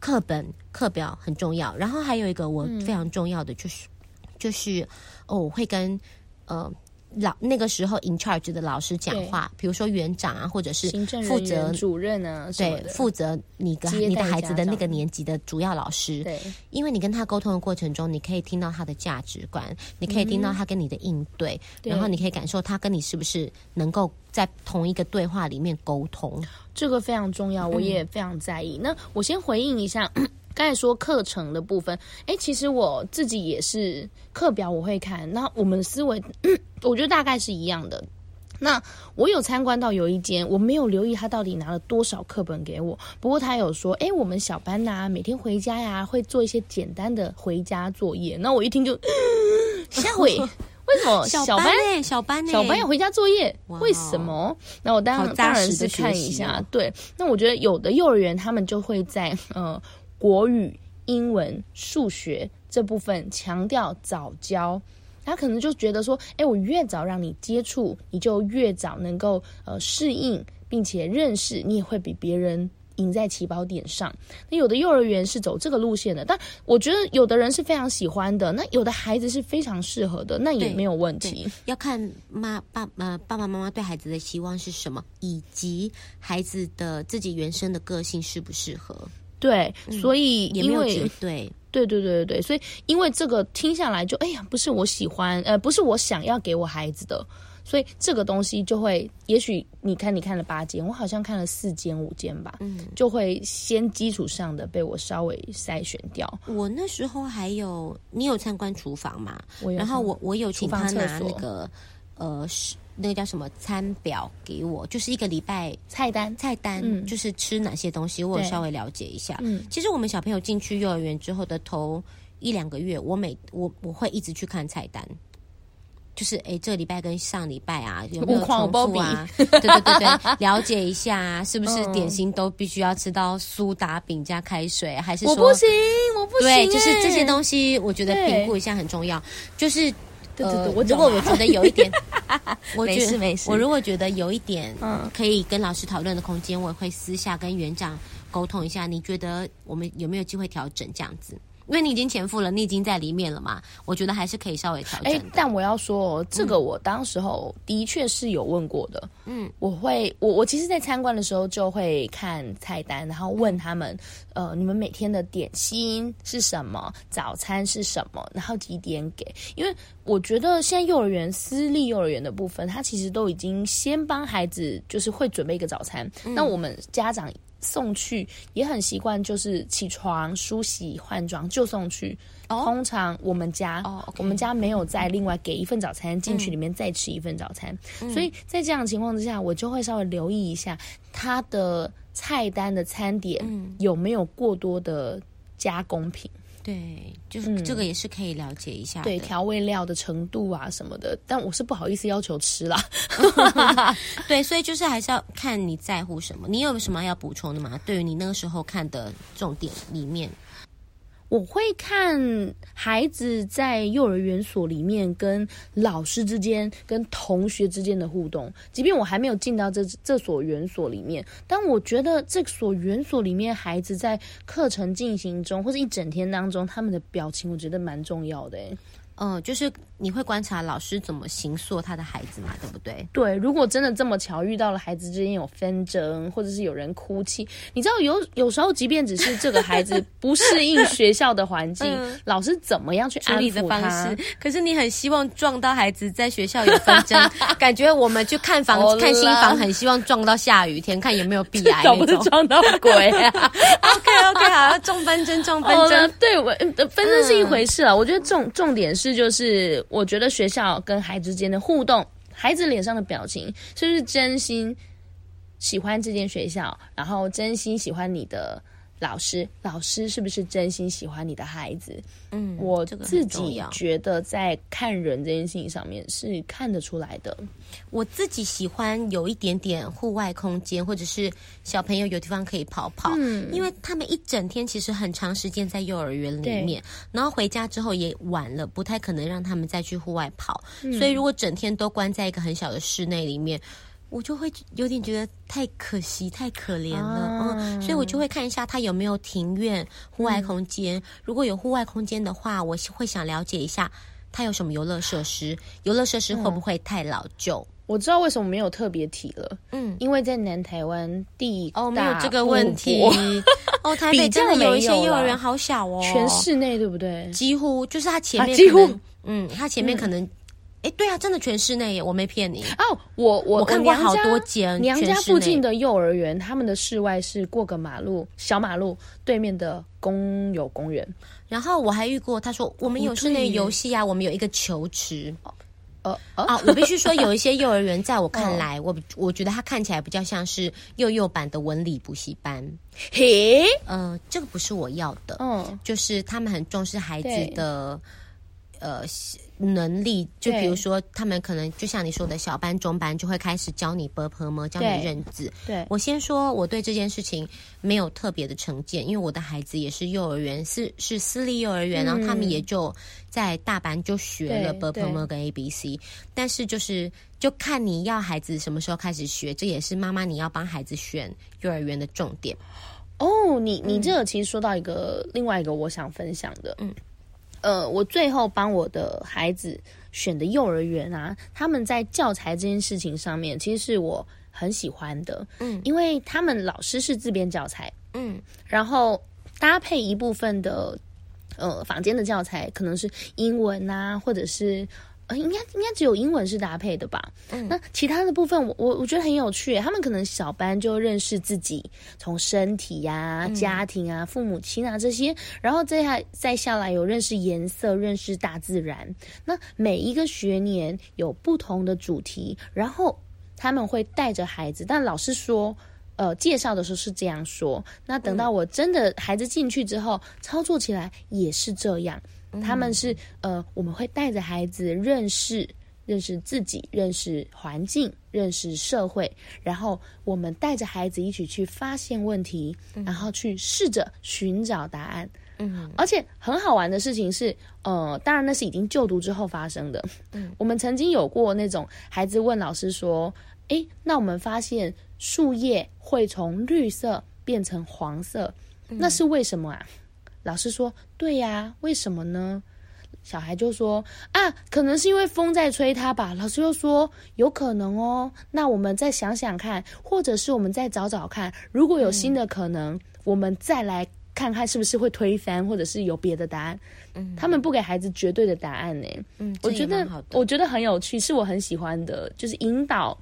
課本課表很重要。然後還有一個我非常重要的就是，嗯、就是哦，我會跟呃。老那個時候 in charge 的老師講話，比如說園長啊，或者是負責行政主任啊，對，負責你的你的孩子的那個年級的主要老師，對，因為你跟他溝通的過程中，你可以聽到他的價值觀，嗯、你可以聽到他跟你的應對，對，然後你可以感受他跟你是不是能夠在同一個對話裡面溝通，這個非常重要，我也非常在意。嗯、那我先回應一下。 剛才說課程的部分，哎、欸，其實我自己也是課表我會看。那我們思維，我覺得大概是一樣的。那我有參觀到有一間，我沒有留意他到底拿了多少課本給我。不過他有說，哎、欸，我們小班吶、啊，每天回家呀、啊、會做一些簡單的回家作業。那我一聽就嚇壞， 為什麼小班？小班、欸？小班要、欸、回家作業？Wow, 為什麼？那我當然當然是看一下。對，那我覺得有的幼兒園他們就會在嗯。呃國語、英文、數學這部分強調早教，他可能就覺得說：“誒，我越早讓你接觸，你就越早能夠呃適應，並且認識，你也會比別人贏在起跑點上。”那有的幼兒園是走這個路線的，但我覺得有的人是非常喜歡的，那有的孩子是非常適合的，那也沒有問題。要看媽爸呃爸爸媽媽對孩子的希望是什麼，以及孩子的自己原生的個性適不適合。對、嗯，所以因為對，對對對對對，所以因為這個聽下來就哎呀，不是我喜歡，呃，不是我想要給我孩子的，所以這個東西就會，也許你看你看了八間，我好像看了四間五間吧，嗯，就會先基礎上的被我稍微篩選掉。我那時候還有，你有參觀廚房嗎？我有然後我我有廚房拿那個廁所呃。那個叫什麼餐表，給我，就是一個禮拜菜單，菜單、嗯、就是吃哪些東西，我有稍微了解一下。嗯，其實我們小朋友進去幼兒園之後的頭一兩個月，我每我我會一直去看菜單，就是誒這禮拜跟上禮拜啊，有沒有重複啊我我？對對對對， 了解一下是不是點心都必須要吃到蘇打餅加開水，還是說我不行，我不行、欸，對，就是這些東西，我覺得評估一下很重要，就是。對對對、呃我啊，如果我覺得有一點， 我覺得，沒事，沒事。我如果覺得有一點可以跟老師討論的空間，我、嗯、也會私下跟園長溝通一下。你覺得我們有沒有機會調整這樣子？因為你已經前付了，你已經在裡面了嘛？我覺得還是可以稍微調整。欸，但我要說，這個我當時候的確是有問過的。嗯，我會，我我其實，在參觀的時候就會看菜單，然後問他們，嗯，呃，你們每天的點心是什麼？早餐是什麼？然後幾點給？因為我覺得現在幼兒園私立幼兒園的部分，他其實都已經先幫孩子就是會準備一個早餐。嗯，那我們家長。送去也很習慣，就是起床梳洗換裝就送去。Oh, 通常我們家，oh, okay, 我們家沒有再另外給一份早餐進、okay, okay, okay. 嗯、去裡面再吃一份早餐，嗯、所以在這樣的情況之下，我就會稍微留意一下他的菜單的餐點有沒有過多的加工品。嗯嗯對，就是、嗯、這個也是可以了解一下。對調味料的程度啊什麼的，但我是不好意思要求吃啦。 對，所以就是還是要看你在乎什麼。你有什麼要補充的嗎？對於你那個時候看的重點裡面？我會看孩子在幼兒園所裡面跟老師之間、跟同學之間的互動，即便我還沒有進到這這所園所裡面，但我覺得這所園所裡面孩子在課程進行中或是一整天當中，他們的表情，我覺得蠻重要的。哎，嗯，就是。你會觀察老師怎麼形塑他的孩子嘛？對不對？對，如果真的這麼巧遇到了孩子之間有紛爭，或者是有人哭泣，你知道有有時候，即便只是這個孩子不適應學校的環境、 嗯，老師怎麼樣去安撫他處理的方式？可是你很希望撞到孩子在學校有紛爭， 感覺我們去看房、oh、看新房，oh、很希望撞到下雨天， 看有沒有避雷，可 不是撞到鬼啊 ？OK OK，好，撞紛爭，撞紛爭，oh、對我紛爭、呃、是一回事啊。我覺得重重點是就是。我覺得學校跟孩子之間的互動，孩子臉上的表情，是不是真心喜歡這間學校，然後真心喜歡你的。老師，老師是不是真心喜歡你的孩子？嗯，我自己覺得在看人這件事情上面是看得出來的、嗯這個。我自己喜歡有一點點戶外空間，或者是小朋友有地方可以跑跑，嗯、因為他們一整天其實很長時間在幼兒園裡面，然後回家之後也晚了，不太可能讓他們再去戶外跑、嗯。所以如果整天都關在一個很小的室內裡面。我就會有點覺得太可惜，太可憐了，啊、嗯，所以我就會看一下它有沒有庭院，戶外空間、嗯。如果有戶外空間的話，我會想了解一下它有什麼遊樂設施、啊，遊樂設施會不會太老舊、嗯？我知道為什麼沒有特別提了，嗯，因為在南台灣地哦沒有這個問題哦，台北真的有一些幼兒園好小哦，全室內對不對？幾乎就是他前面、啊、幾乎嗯，他前面可能、嗯。哎，對啊，真的全室內耶，我沒騙你哦、oh,。我我看過好多間娘家附近的幼兒園，他們的室外是過個馬路，小馬路對面的公有公園。然後我還遇過，他說我們有室內遊戲啊，我們有一個球池。哦、oh. 哦、oh. oh, 我必須說，有一些幼兒園在我看來， 我我覺得他看起來比較像是幼幼版的文理補習班。嘿，嗯、 呃，這個不是我要的。嗯、oh.，就是他們很重視孩子的，呃。能力，就比如說，他們可能就像你說的，小班、中班就會開始教你 ㄅㄆㄇ，教你認字。對，我先說我對這件事情沒有特別的成見，因為我的孩子也是幼兒園，是是私立幼兒園、嗯，然後他們也就在大班就學了 ㄅㄆㄇ 跟 ABC。但是就是就看你要孩子什麼時候開始學，這也是媽媽你要幫孩子選幼兒園的重點。哦，你你這個其實說到一個、嗯、另外一個我想分享的，嗯。呃，我最後幫我的孩子選的幼兒園啊，他們在教材這件事情上面，其實是我很喜歡的，嗯，因為他們老師是自編教材，嗯，然後搭配一部分的呃坊間的教材，可能是英文啊，或者是。呃，應該應該只有英文是搭配的吧？嗯，那其他的部分我，我我我覺得很有趣。他們可能小班就認識自己，從身體呀、啊、家庭啊、嗯、父母親啊這些，然後再下再下來有認識顏色、認識大自然。那每一個學年有不同的主題，然後他們會帶着孩子。但老師說，呃，介紹的時候是這樣說。那等到我真的孩子進去之後，操作起來也是這樣。他們是呃，我們會帶着孩子認識認識自己，認識環境，認識社會，然後我們帶着孩子一起去發現問題，然後去試着尋找答案。嗯，而且很好玩的事情是，呃，當然那是已經就讀之後發生的。嗯、我們曾經有過那種孩子問老師說：“哎、欸，那我們發現樹葉會從綠色變成黃色、嗯，那是為什麼啊？”老師說：“對呀，為什麼呢？”小孩就說：“啊，可能是因為風在吹它吧。”老師又說：“有可能哦，那我們再想想看，或者是我們再找找看，如果有新的可能，嗯、我們再來看看是不是會推翻，或者是有別的答案。嗯。”他們不給孩子絕對的答案耶、嗯。我覺得我覺得很有趣，是我很喜歡的，就是引導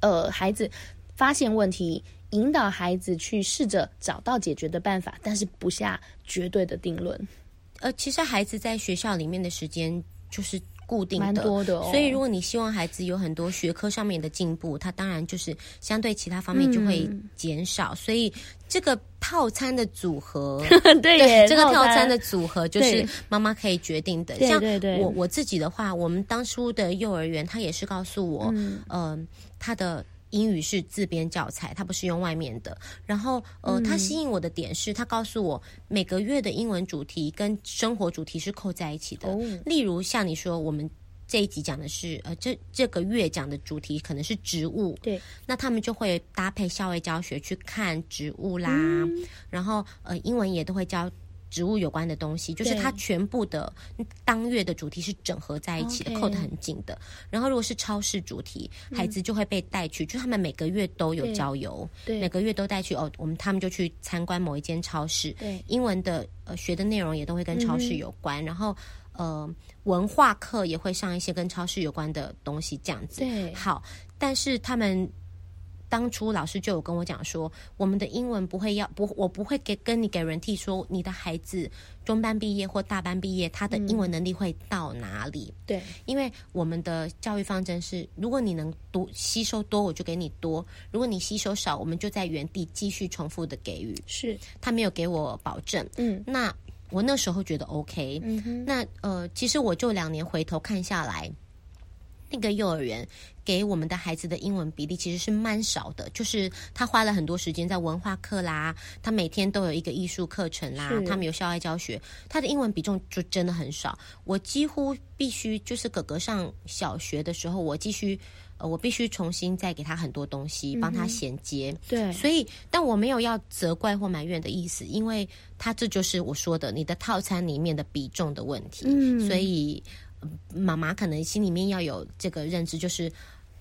呃孩子發現問題。引導孩子去試着找到解決的辦法，但是不下絕對的定論。呃，其實孩子在學校裡面的時間就是固定的，蠻多的、哦，所以如果你希望孩子有很多學科上面的進步，他當然就是相對其他方面就會減少、嗯。所以這個套餐的組合， 對，對，這個套餐的組合就是媽媽可以決定的。像我我自己的話，我們當初的幼兒園他也是告訴我，嗯，呃、他的。英語是自編教材，它不是用外面的。然後，呃，嗯、它吸引我的點是，它告訴我每個月的英文主題跟生活主題是扣在一起的。哦、例如，像你說，我們這一集講的是，呃，這這個月講的主題可能是植物，對，那他們就會搭配校外教學去看植物啦、嗯。然後，呃，英文也都會教。植物有關的東西，就是它全部的當月的主題是整合在一起的，okay，扣得很緊的。然後如果是超市主題，嗯，孩子就會被帶去，就他們每個月都有郊遊，對對，每個月都帶去哦，我們他們就去參觀某一間超市。對，英文的呃學的內容也都會跟超市有關，嗯，然後呃文化課也會上一些跟超市有關的東西這樣子。對，好，但是他們。當初老師就有跟我講說，我們的英文不會要不我不會給跟你 guarantee 說你的孩子中班畢業或大班畢業，他的英文能力會到哪裡？嗯，對，因為我們的教育方針是，如果你能多吸收多，我就給你多；如果你吸收少，我們就在原地繼續重複的給予。是，他沒有給我保證。嗯，那我那時候覺得 OK。嗯哼，那呃，其實我就兩年回頭看下來。那個幼兒園給我們的孩子的英文比例其實是蠻少的，就是他花了很多時間在文化課啦，他每天都有一個藝術課程啦，他們有校外教學，他的英文比重就真的很少。我幾乎必須就是哥哥上小學的時候，我繼續呃，我必須重新再給他很多東西幫他銜接。嗯、對，所以但我沒有要責怪或埋怨的意思，因為他這就是我說的你的套餐裡面的比重的問題，嗯、所以。媽媽可能心裡面要有這個認知，就是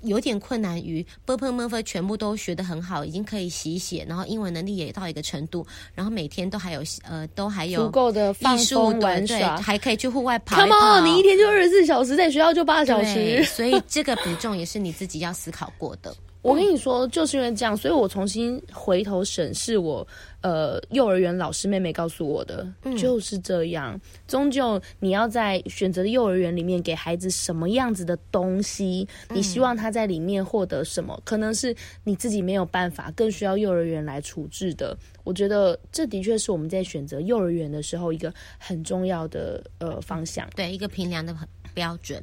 有點困難於 ㄅㄆㄇㄈ 全部都學得很好，已經可以寫寫，然後英文能力也到一個程度，然後每天都還有呃，都還有足夠的藝術玩耍，對，還可以去戶外跑，跑。Come on，你一天就二十四小時，在學校就八小時，所以這個比重也是你自己要思考過的。 我跟你說，就是因為這樣，所以我重新回頭審視我，呃，幼兒園老師妹妹告訴我的、嗯，就是這樣。終究你要在選擇幼兒園裡面給孩子什麼樣子的東西，你希望他在裡面獲得什麼、嗯，可能是你自己沒有辦法，更需要幼兒園來處置的。我覺得這的確是我們在選擇幼兒園的時候一個很重要的呃方向，對一個評量的標準。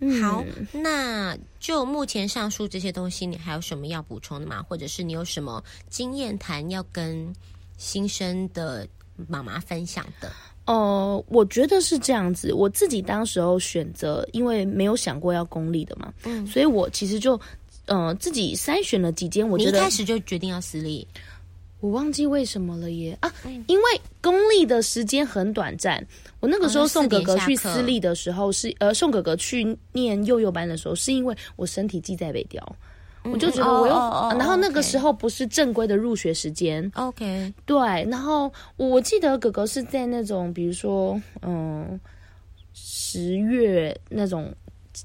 嗯、好，那就目前上述這些東西，你還有什麼要補充的嗎？或者是你有什麼經驗談要跟新生的媽媽分享的？哦、呃，我覺得是這樣子，我自己當時候選擇，因為沒有想過要公立的嘛，嗯，所以我其實就，呃，自己篩選了幾間，我覺得你一開始就決定要私立。我忘記為什麼了耶啊、嗯，因為公立的時間很短暫。我那個時候送哥哥去私立的時候是、哦，呃，送哥哥去念幼幼班的時候，是因為我身體記在北調，我就覺得我又、哦哦哦啊，然後那個時候不是正規的入學時間、哦。OK，對，然後我記得哥哥是在那種，比如說，嗯，十月那種。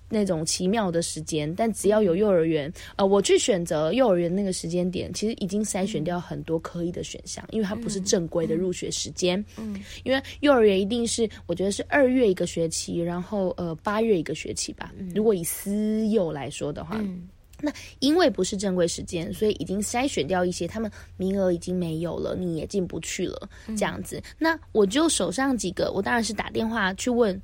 那種奇妙的時間，但只要有幼兒園，呃，我去選擇幼兒園那個時間點，其實已經篩選掉很多可以的選項，因為它不是正規的入學時間。嗯，嗯，因為幼兒園一定是，我覺得是二月一個學期，然後呃八月一個學期吧。如果以私幼來說的話，嗯。那因為不是正規時間，所以已經篩選掉一些，他們名額已經沒有了，你也進不去了這樣子。那我就手上幾個，我當然是打電話去問。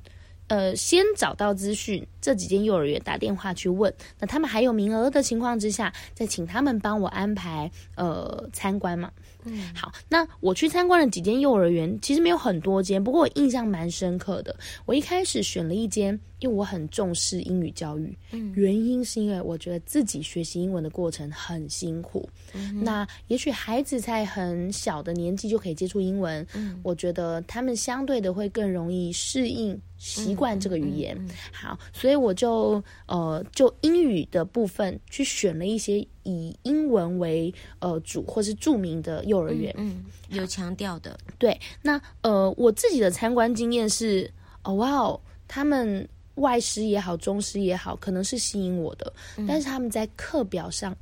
呃，先找到資訊，這幾間幼兒園打電話去問，那他們還有名額的情況之下，再請他們幫我安排呃參觀嘛。嗯，好，那我去參觀了幾間幼兒園，其實沒有很多間，不過我印象蠻深刻的。我一開始選了一間，因為我很重視英語教育，嗯、原因是因為我覺得自己學習英文的過程很辛苦。嗯、那也許孩子在很小的年紀就可以接觸英文、嗯，我覺得他們相對的會更容易適應。習慣這個語言，嗯嗯嗯嗯，好，所以我就呃，就英語的部分去選了一些以英文為呃主或是著名的幼兒園，嗯，嗯，有強調的，對，那呃，我自己的參觀經驗是，哇哦，wow, 他們外師也好，中師也好，可能是吸引我的，嗯、但是他們在課表上。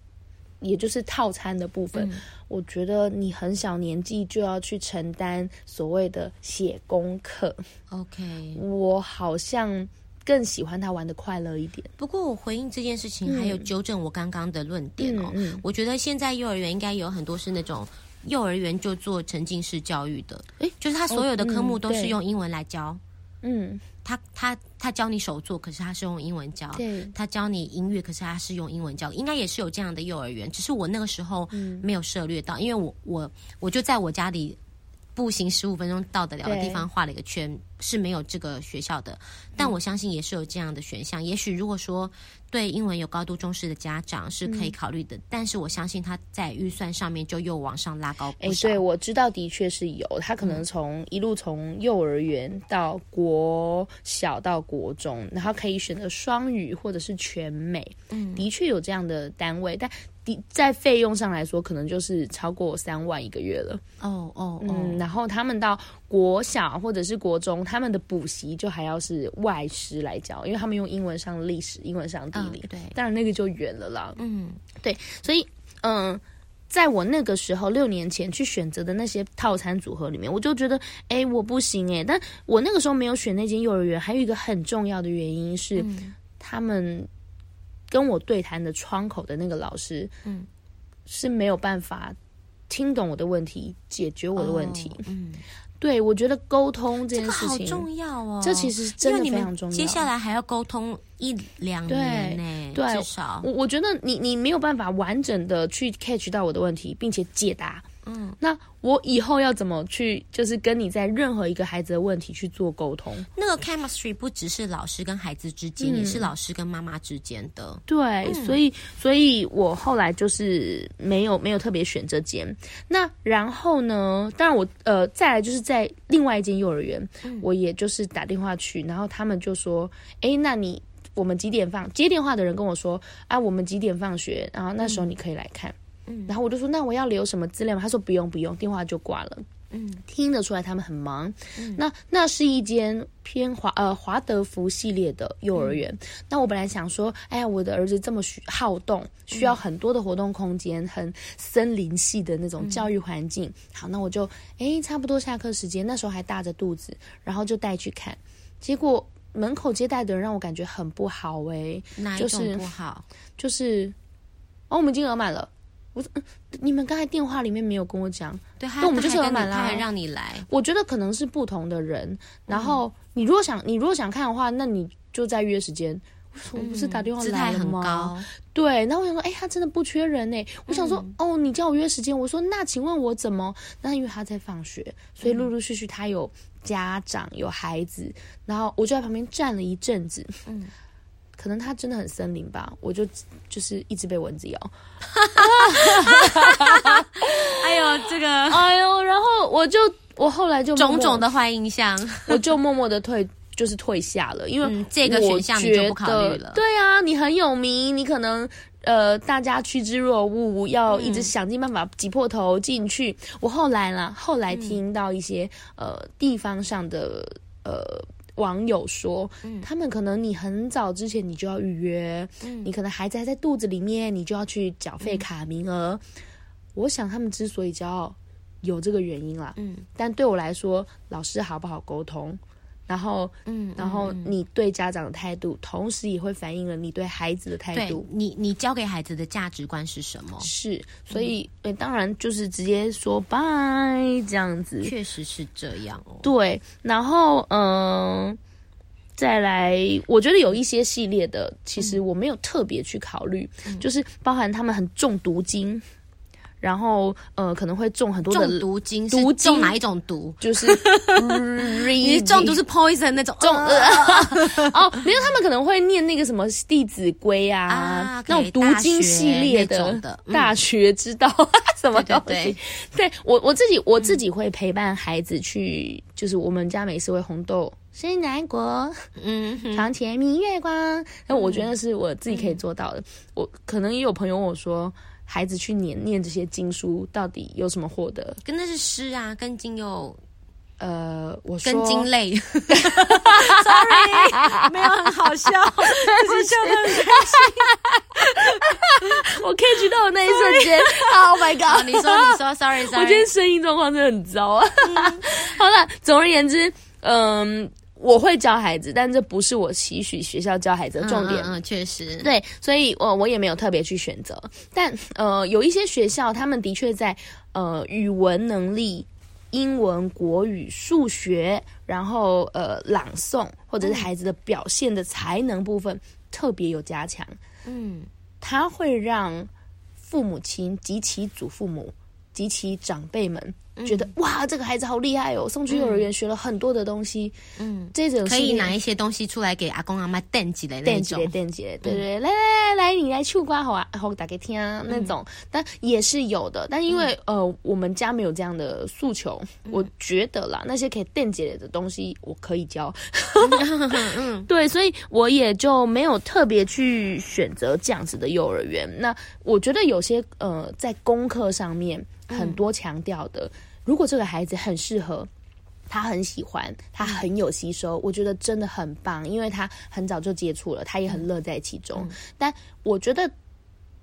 也就是套餐的部分、嗯，我覺得你很小年紀就要去承擔所謂的寫功課。OK，我好像更喜歡他玩得快樂一點。不過我回應這件事情，還有糾正我剛剛的論點哦、嗯。我覺得現在幼兒園應該有很多是那種幼兒園就做沉浸式教育的，誒就是他所有的科目都是用英文來教。嗯。他他他教你手作，可是他是用英文教；他教你音樂，可是他是用英文教。應該也是有這樣的幼兒園，只是我那個時候沒有涉獵到，嗯、因為我我我就在我家裡步行十五分鐘到得了的地方畫了一個圈，是沒有這個學校的。但我相信也是有這樣的選項。嗯、也許如果說。對英文有高度重視的家長是可以考慮的，嗯、但是我相信他，在預算上面就又往上拉高不少。哎，對，我知道，的確是有，他可能從、嗯、一路從幼兒園到國小到國中，然後可以選擇雙語或者是全美，嗯，的確有這樣的單位，但。在費用上來說，可能就是超過三萬一個月了。哦哦哦。嗯，然後他們到國小或者是國中，他們的補習就還要是外師來教，因為他們用英文上歷史，英文上地理。Oh, 對。當然那個就遠了啦。嗯，對。所以，嗯、呃，在我那個時候六年前去選擇的那些套餐組合裡面，我就覺得，哎、欸，我不行哎、欸。但我那個時候沒有選那間幼兒園，還有一個很重要的原因是、嗯、他們。跟我對談的窗口的那個老師，嗯，是沒有辦法聽懂我的問題，解決我的問題。哦、嗯，對，我覺得溝通這件事情、這個好重要哦，這其實真的非常重要。接下來還要溝通一兩年呢，對，對，至少。我我覺得你你沒有辦法完整的去 catch 到我的問題，並且解答。嗯，那我以後要怎麼去，就是跟你在任何一個孩子的問題去做溝通？那個 chemistry 不只是老師跟孩子之間、嗯，也是老師跟媽媽之間的。對、嗯，所以，所以我後來就是沒有沒有特別選這間。那然後呢？當然我呃再來就是在另外一間幼兒園、嗯，我也就是打電話去，然後他們就說：“哎、欸，那你我們幾點放？”接電話的人跟我說：“啊，我們幾點放學？然後那時候你可以來看。嗯”嗯，然後我就說，那我要留什麼資料嗎？他說不用不用，電話就掛了。嗯，聽得出來他們很忙。嗯、那那是一間偏華呃華德福系列的幼兒園。嗯、那我本來想說，哎呀，我的兒子這麼需好動，需要很多的活動空間，嗯、很森林系的那種教育環境。嗯、好，那我就哎差不多下課時間，那時候還大着肚子，然後就帶去看。結果門口接待的人讓我感覺很不好哎，哪一種不好？就是、就是、哦，我們已經額滿了。我說、嗯，你們剛才電話裡面沒有跟我講，對，我們就是很滿，他還讓你來，我覺得可能是不同的人、嗯。然後你如果想，你如果想看的話，那你就在約時間。我說、嗯、我不是打電話來了嗎？姿態很高？對，然後我想說，哎、欸，他真的不缺人哎、欸。我想說、嗯，哦，你叫我約時間，我說那，請問我怎麼？那因為他在放學，所以陸陸續續他有家長、嗯、有孩子，然後我就在旁邊站了一陣子。嗯。可能他真的很森林吧，我就就是一直被蚊子咬。 哎呦，這個，哎呦，然後我就我後來就默默種種的壞印象， 我就默默的退，就是退下了，因為、嗯、這個選項你就不考慮了。對啊，你很有名，你可能呃大家趨之若鶩，要一直想尽辦法擠破頭進去。嗯、我後來啦，後來聽到一些、嗯、呃地方上的呃。網友說，他們可能你很早之前你就要預約、嗯，你可能孩子還在，在肚子裡面，你就要去繳費卡名額、嗯。我想他們之所以就要有這個原因啦。嗯，但對我來說，老師好不好溝通？然後，嗯，然後你對家長的態度、嗯，同時也會反映了你對孩子的態度。你你教給孩子的價值觀是什麼？是，所以，嗯欸、當然就是直接說拜這樣子，確實是這樣哦。對，然後，嗯、呃，再來，我覺得有一些系列的，其實我沒有特別去考慮，嗯、就是包含他們很重讀經。然後，呃，可能會中很多的中毒經，毒精中哪一種毒？就是 你中毒是 poison 那種。 中、呃、 哦， 沒有，他們可能會念那個什麼《弟子規》啊，okay, 那種讀經系列的，大的、嗯《大學之道》什麼東西？對，對，對，對，我我自己我自己會陪伴孩子去，嗯、就是我們家每次會紅豆，生南國，嗯，床前明月光。那、嗯、我覺得是我自己可以做到的。嗯、我可能也有朋友問我說，孩子去年念，念這些經書，到底有什麼獲得？跟那是詩啊，跟經有，呃，我說跟經類 ，sorry， 沒有很好笑，只是笑得很開心。 我 catch 到我那一瞬間，Oh my god！你說，你說，sorry，, Sorry 我今天聲音狀況真的很糟啊。嗯、 好了，總而言之，嗯。我會教孩子，但這不是我期許學校教孩子的重點。嗯，嗯確實，對，所以呃，我我也沒有特別去選擇。但呃，有一些學校，他們的確在呃語文能力、英文、國語、數學，然後呃朗誦或者是孩子的表現的才能部分，嗯，特別有加強。嗯，他會讓父母親及其祖父母及其長輩們。覺得、嗯、哇，這個孩子好厲害哦！送去幼兒園學了很多的東西，嗯，這種可以拿一些東西出來給阿公阿媽墊幾的那種，墊幾、墊幾、對對、嗯，來來來來，你來唱歌好啊，好打給聽啊、嗯、那種，但也是有的，但因為、嗯、呃，我們家沒有這樣的訴求、嗯，我覺得啦，那些可以墊接的東西，我可以教嗯 嗯，嗯，對，所以我也就沒有特別去選擇這樣子的幼兒園。那我覺得有些呃，在功課上面。很多強調的，如果這個孩子很適合，他很喜歡，他很有吸收，嗯，我覺得真的很棒，因為他很早就接觸了，他也很樂在其中，嗯。但我覺得。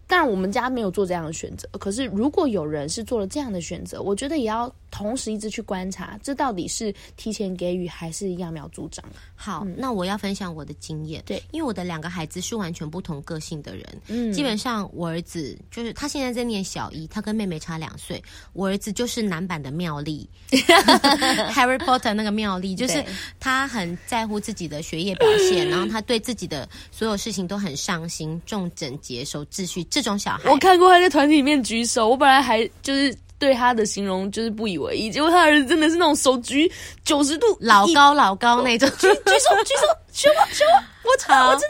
但我們家沒有做這樣的選擇。可是，如果有人是做了這樣的選擇，我覺得也要同時一直去觀察，這到底是提前給予，還是揠苗助長？好、嗯，那我要分享我的經驗。對，因為我的兩個孩子是完全不同個性的人。嗯、基本上我兒子就是他現在在念小一，他跟妹妹差兩歲。我兒子就是男版的妙麗 ，Harry Potter 那個妙麗，就是他很在乎自己的學業表現， 然後他對自己的所有事情都很上心，重整潔，守秩序。這種小孩，我看過他在團體裡面舉手，我本來還就是對他的形容就是不以為意，結果他兒子真的是那種手舉九十度老高老高那種 舉舉手舉手，學我學我，我操！我知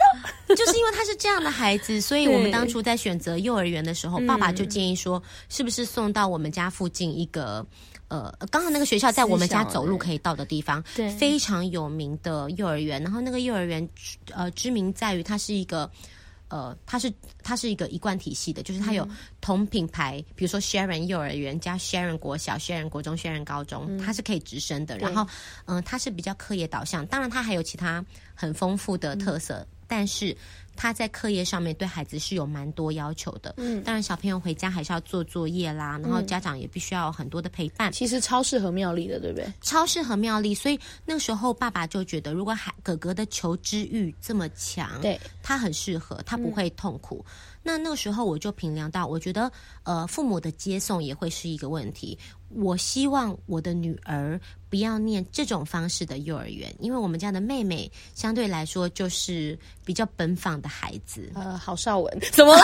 道，就是因為他是這樣的孩子，所以我們當初在選擇幼兒園的時候，爸爸就建議說，是不是送到我們家附近一個、嗯、呃，剛好那個學校在我們家走路可以到的地方，對，非常有名的幼兒園，然後那個幼兒園呃知名在於它是一個。呃，它是它是一個一貫體系的，就是它有同品牌，嗯、比如說 Sharon 幼兒園加 Sharon 國小、Sharon 國中、Sharon 高中，它是可以直升的。然後，嗯、呃，它是比較課業導向，當然它還有其他很豐富的特色，嗯、但是。他在課業上面對孩子是有蠻多要求的，嗯，當然小朋友回家還是要做作業啦，嗯、然後家長也必須要有很多的陪伴。其實超適合妙麗的，對不對？超適合妙麗，所以那時候爸爸就覺得，如果海哥哥的求知慾這麼強、嗯，對，他很適合，他不會痛苦。嗯那那個時候我就評量到，我覺得，呃，父母的接送也會是一個問題。我希望我的女兒不要念這種方式的幼兒園，因為我們家的妹妹相對來說就是比較奔放的孩子。呃，郝劭文怎麼了？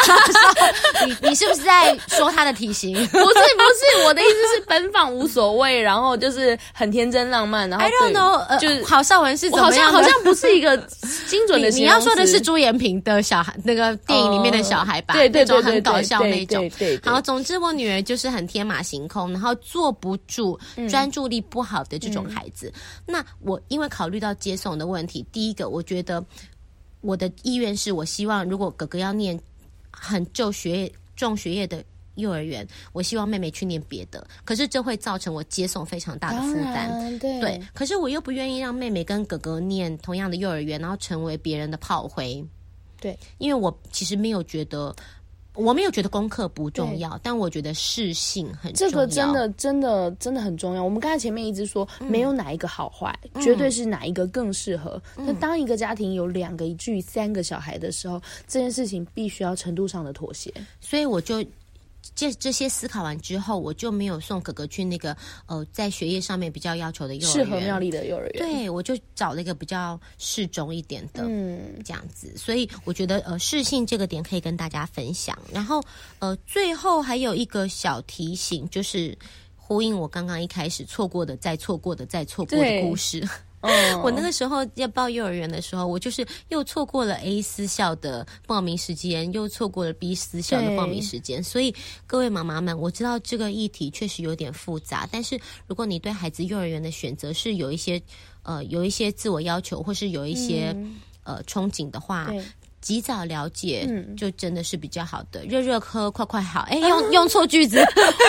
你你是不是在說他的體型？不是不是，我的意思是奔放無所謂，然後就是很天真浪漫。然後 I don't know 就是郝，呃、劭文是怎麼樣好像？好像不是一個精準的你。你要說的是朱延平的小孩，那個電影裡面的小孩。Uh, 還把那種很搞笑那種，對，對，對，對，對，對，對，對好，總之我女兒就是很天馬行空，然後坐不住、專注力不好的這種孩子。嗯、那我因為考慮到接送的問題、嗯，第一個我覺得我的意願是我希望，如果哥哥要念很就學業重學業的幼兒園，我希望妹妹去念別的。可是這會造成我接送非常大的負擔，對。可是我又不願意讓妹妹跟哥哥念同樣的幼兒園，然後成為別人的炮灰。對，因為我其實沒有覺得，我沒有覺得功課不重要，但我覺得適性很重要。這個真的、真的、真的很重要。我們剛才前面一直說，嗯、沒有哪一個好壞、嗯，絕對是哪一個更適合。那、嗯、當一個家庭有兩個、一句三個小孩的時候、嗯，這件事情必須要程度上的妥協。所以我就。這這些思考完之後，我就沒有送哥哥去那個呃，在學業上面比較要求的幼兒園，適合妙麗的幼兒園。對，我就找了一個比較適中一點的，嗯，這樣子。所以我覺得呃，適性這個點可以跟大家分享。然後呃，最後還有一個小提醒，就是呼應我剛剛一開始錯過的、再錯過的、再錯過的故事。Oh. 我那個時候要報幼兒園的時候，我就是又錯過了 A 私校的報名時間，又錯過了 B 私校的報名時間。所以各位媽媽們，我知道這個議題確實有點複雜，但是如果你對孩子幼兒園的選擇是有一些呃有一些自我要求，或是有一些、嗯、呃憧憬的話，及早了解，就真的是比較好的，熱、嗯、熱喝，快快好。哎、欸，用用錯句子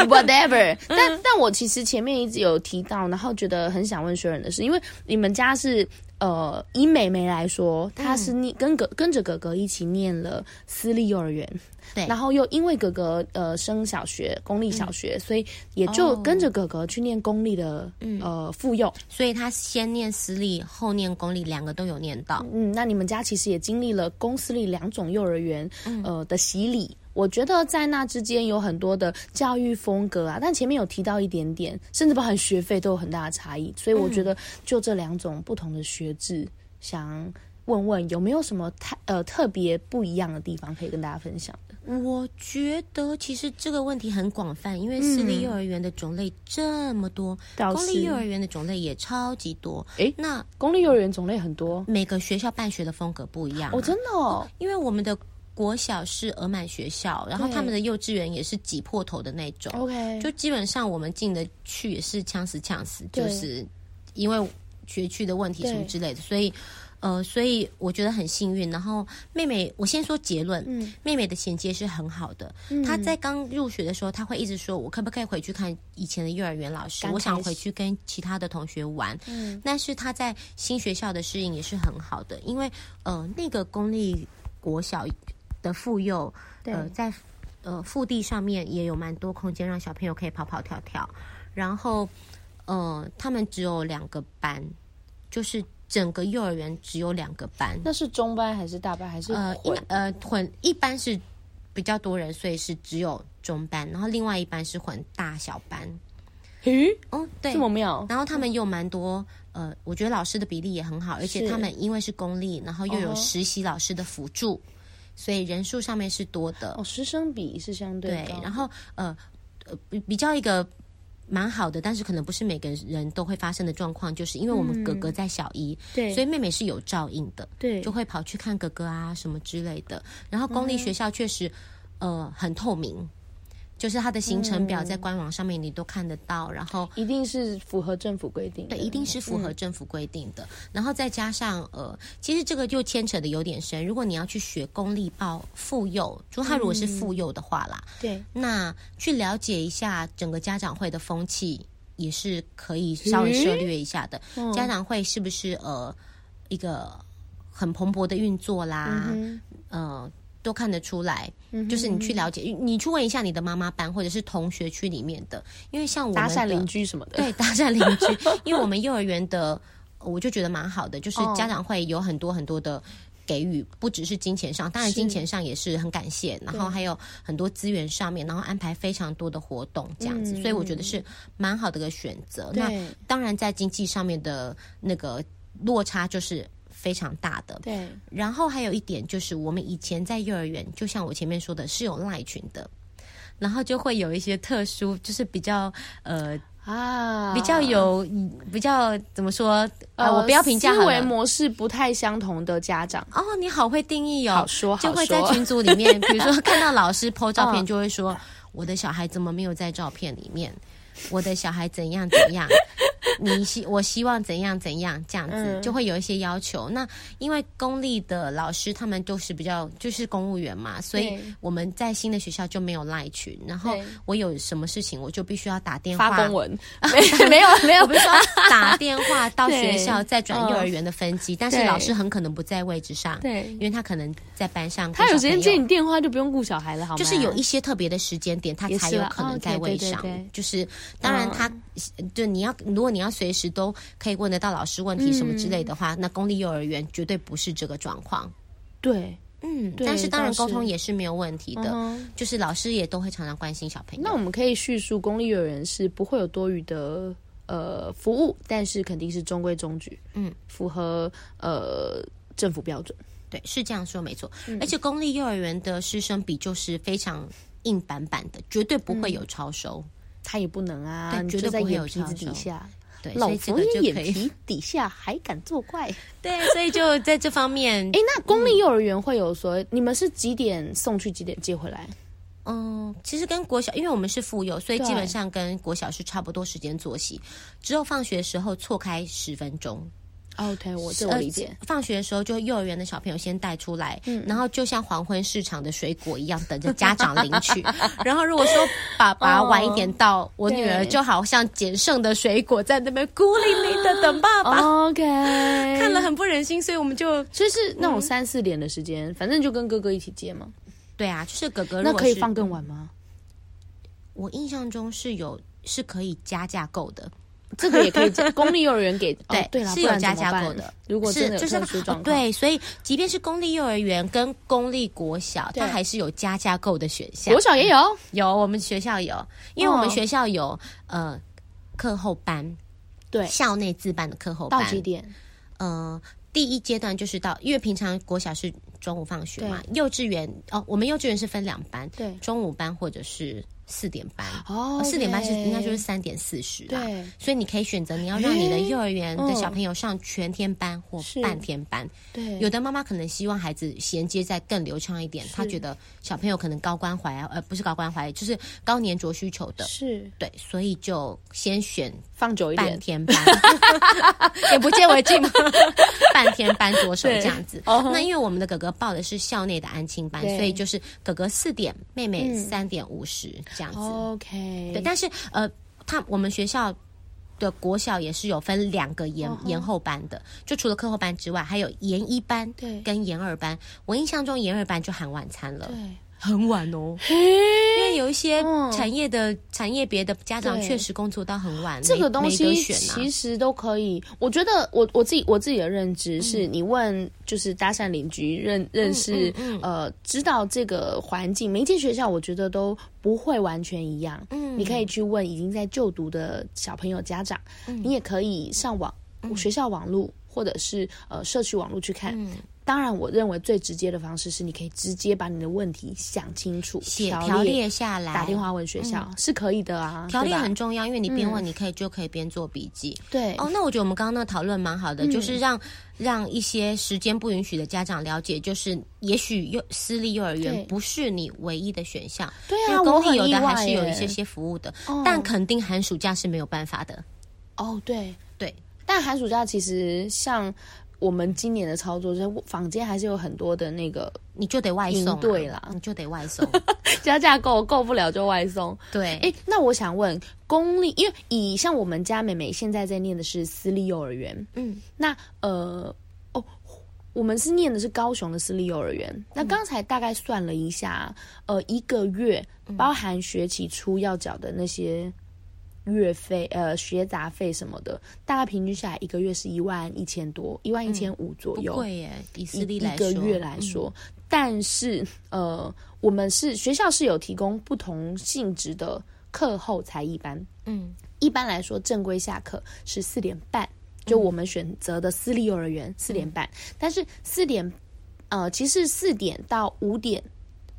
，whatever。但但我其實前面一直有提到，然後覺得很想問學人的事，因為你們家是呃，以妹妹來說，她是念跟哥、嗯、跟着哥哥一起念了私立幼兒園。對，然後又因為哥哥呃升小學公立小學，嗯，所以也就跟着哥哥去念公立的，哦、呃附幼，所以他先念私立，後念公立，兩個都有念到。嗯，那你們家其實也經歷了公私立兩種幼兒園呃的洗禮，嗯，我覺得在那之間有很多的教育風格啊，但前面有提到一點點，甚至包含學費都有很大的差異，所以我覺得就這兩種不同的學制，嗯、想問問有沒有什麼太呃特別不一樣的地方可以跟大家分享？我覺得其實這個問題很廣泛，因為私立幼兒園的種類這麼多，嗯、公立幼兒園的種類也超級多。哎，那公立幼兒園種類很多，每個學校辦學的風格不一樣、啊。哦，真的，哦，因為我們的國小是額滿學校，然後他們的幼稚園也是擠破頭的那種。OK，就基本上我們進得去也是嗆死嗆死，就是因為學區的問題什麼之類的，所以。呃，所以我覺得很幸運。然後妹妹，我先說結論。嗯，妹妹的銜接是很好的。嗯，她在剛入學的時候，她會一直說：“我可不可以回去看以前的幼兒園老師？我想回去跟其他的同學玩。”嗯，但是她在新學校的適應也是很好的，因為呃，那個公立國小的附幼，呃，在呃腹地上面也有蠻多空間讓小朋友可以跑跑跳跳。然後，呃，他們只有兩個班，就是。整個幼兒園只有兩個班，那是中班還是大班還是呃混呃混？呃一，呃混一般是比較多人，所以是只有中班，然後另外一班是混大小班。嘿，哦，對，這麼妙。然後他們又蠻多呃，我覺得老師的比例也很好，而且他們因為是公立，然後又有實習老師的輔助，哦、所以人數上面是多的。哦，師生比是相對高。對，然後呃呃比較一個。蠻好的，但是可能不是每個人都會發生的狀況，就是因為我們哥哥在小一，嗯，對，所以妹妹是有照應的，對，就會跑去看哥哥啊什麼之類的。然後公立學校確實，嗯，呃，很透明。就是它的行程表在官網上面你都看得到，嗯、然後一定是符合政府規定，對，一定是符合政府規定的。嗯、然後再加上呃，其實這個就牽扯得有點深。如果你要去學公立報附幼，就他如果是附幼的話啦，對、嗯，那去了解一下整個家長會的風氣也是可以稍微涉獵一下的、嗯。家長會是不是呃一個很蓬勃的運作啦？嗯。呃都看得出來，嗯哼嗯哼，就是你去了解，你，你去問一下你的媽媽班或者是同學區裡面的，因為像我們搭訕鄰居什麼的，對，搭訕鄰居。 因為我們幼兒園的，我就覺得蠻好的，就是家長會有很多很多的給予、哦，不只是金錢上，當然金錢上也是很感謝，然後還有很多資源上面，然後安排非常多的活動這樣子，嗯嗯，所以我覺得是蠻好的一個選擇。那當然在經濟上面的那個落差就是。非常大的，對。然後還有一點就是，我們以前在幼兒園，就像我前面說的，是有賴群的，然後就會有一些特殊，就是比較呃啊，比較有比較怎麼說呃，我不要評價，思維模式不太相同的家長哦。Oh, 你好，會定義哦，好說，好說，就會在群組裡面， 比如說看到老師 po 照片， 就會說我的小孩怎麼沒有在照片裡面。 我的小孩怎樣怎樣，你希我希望怎樣怎樣這樣子，就會有一些要求。那因為公立的老師他們都是比較就是公務員嘛，所以我們在新的學校就沒有賴群。然後我有什麼事情，我就必須要打電話發公文，沒有沒有，不是說打電話到學校再轉幼兒園的分機，但是老師很可能不在位置上，對，因為他可能在班上。他有時間接你電話，就不用顧小孩了，好嗎？就是有一些特別的時間點，他才有可能在位上，就是。當然他，他、嗯、對你要，如果你要隨時都可以問得到老師問題什麼之類的話，嗯、那公立幼兒園絕對不是這個狀況。對，嗯，但是當然溝通也是沒有問題的，就是老師也都會常常關心小朋友。嗯、那我們可以敘述，公立幼兒園是不會有多餘的呃服務，但是肯定是中規中矩，嗯，符合呃政府標準。對，是這樣說沒錯，嗯，而且公立幼兒園的師生比就是非常硬板板的，絕對不會有超收。嗯他也不能啊，對，你絕對在眼皮子底下就不會有這種。對，老佛爺眼皮底下還敢作怪？ 對，所以就在這方面。哎、 欸，那公立幼兒園會有說，嗯、你們是幾點送去，幾點接回來？嗯，其實跟國小，因為我們是附幼，所以基本上跟國小是差不多時間作息，只有放學的時候錯開十分鐘。哦，對，我這我理解。放學的時候，就幼兒園的小朋友先帶出來，嗯，然後就像黃昏市場的水果一樣，等着家長領取。 然後如果說爸爸晚一點到，哦，我女兒就好像撿剩的水果在那邊孤零零的等爸爸。哦，OK， 看了很不忍心，所以我們就就是那種三四點的時間，嗯，反正就跟哥哥一起接嘛。對啊，就是哥哥是。那可以放更晚嗎？嗯，我印象中是有是可以加價購的。這個也可以講，公立幼兒園給 對、哦對，是有加加購的。如果是，就是、哦，對，所以即便是公立幼兒園跟公立國小，它還是有加加購的選項、嗯。國小也有，有我們學校有、哦，因為我們學校有呃課後班，對校內自辦的課後班。到幾點？呃，第一階段就是到，因為平常國小是中午放學嘛。幼稚園哦，我們幼稚園是分兩班，對中午班或者是。四點半，哦，四點半是應該就是三點四十啊。對，所以你可以選擇，你要讓你的幼兒園的小朋友上全天班或半天班。對，有的媽媽可能希望孩子銜接再更流暢一點，她覺得小朋友可能高關懷、啊，呃，不是高關懷，就是高粘着需求的。是，對，所以就先選放久一點半天班， 眼不見為淨嘛， 半天班着手這樣子？Oh、那因為我們的哥哥報的是校內的安親班，所以就是哥哥四點，妹妹三點五十。嗯這樣子，oh, okay. 對，但是呃，他我們學校的國小也是有分兩個延、oh, 延後班的，就除了課後班之外，還有延一班，跟延二班。我印象中延二班就含晚餐了，對。很晚哦，因為有一些產業的產業別的家長確實工作到很晚，這個東西、啊、其實都可以。我覺得我我自己我自己的認知是，你問就是搭訕鄰居認認識、嗯嗯嗯、呃，知道這個環境，每一間學校我覺得都不會完全一樣。嗯，你可以去問已經在就讀的小朋友家長，嗯、你也可以上網、嗯、學校網絡或者是呃社區網絡去看。嗯當然，我認為最直接的方式是，你可以直接把你的問題想清楚，寫條列，條列下來，打電話問學校、嗯、是可以的啊。條列很重要，因為你邊問你可以就可以邊做筆記。嗯、對哦，oh, 那我覺得我們剛剛那個討論蠻好的、嗯，就是讓讓一些時間不允許的家長了解，就是也許幼私立幼兒園不是你唯一的選項。對啊，公立有的還是有一些些服務的，欸 oh, 但肯定寒暑假是沒有辦法的。哦、oh,，對對，但寒暑假其實像。我們今年的操作就是，坊間還是有很多的那個，你就得外送對、啊、了，你就得外送， 加價夠夠不了就外送。對，哎、欸，那我想問公立，因為以像我們家妹妹現在在念的是私立幼兒園，嗯，那呃哦，我們是念的是高雄的私立幼兒園、嗯。那剛才大概算了一下，呃，一個月包含學期初要繳的那些。月費呃學雜費什麼的，大概平均下來一個月是一萬一千多，一萬一千五左右。貴耶，以私立來說，一個月來說。嗯、但是呃，我們是學校是有提供不同性質的課後才藝班。嗯，一般來說正規下課是四點半，就我們選擇的私立幼兒園四點半。嗯、但是四點呃，其實四點到五點，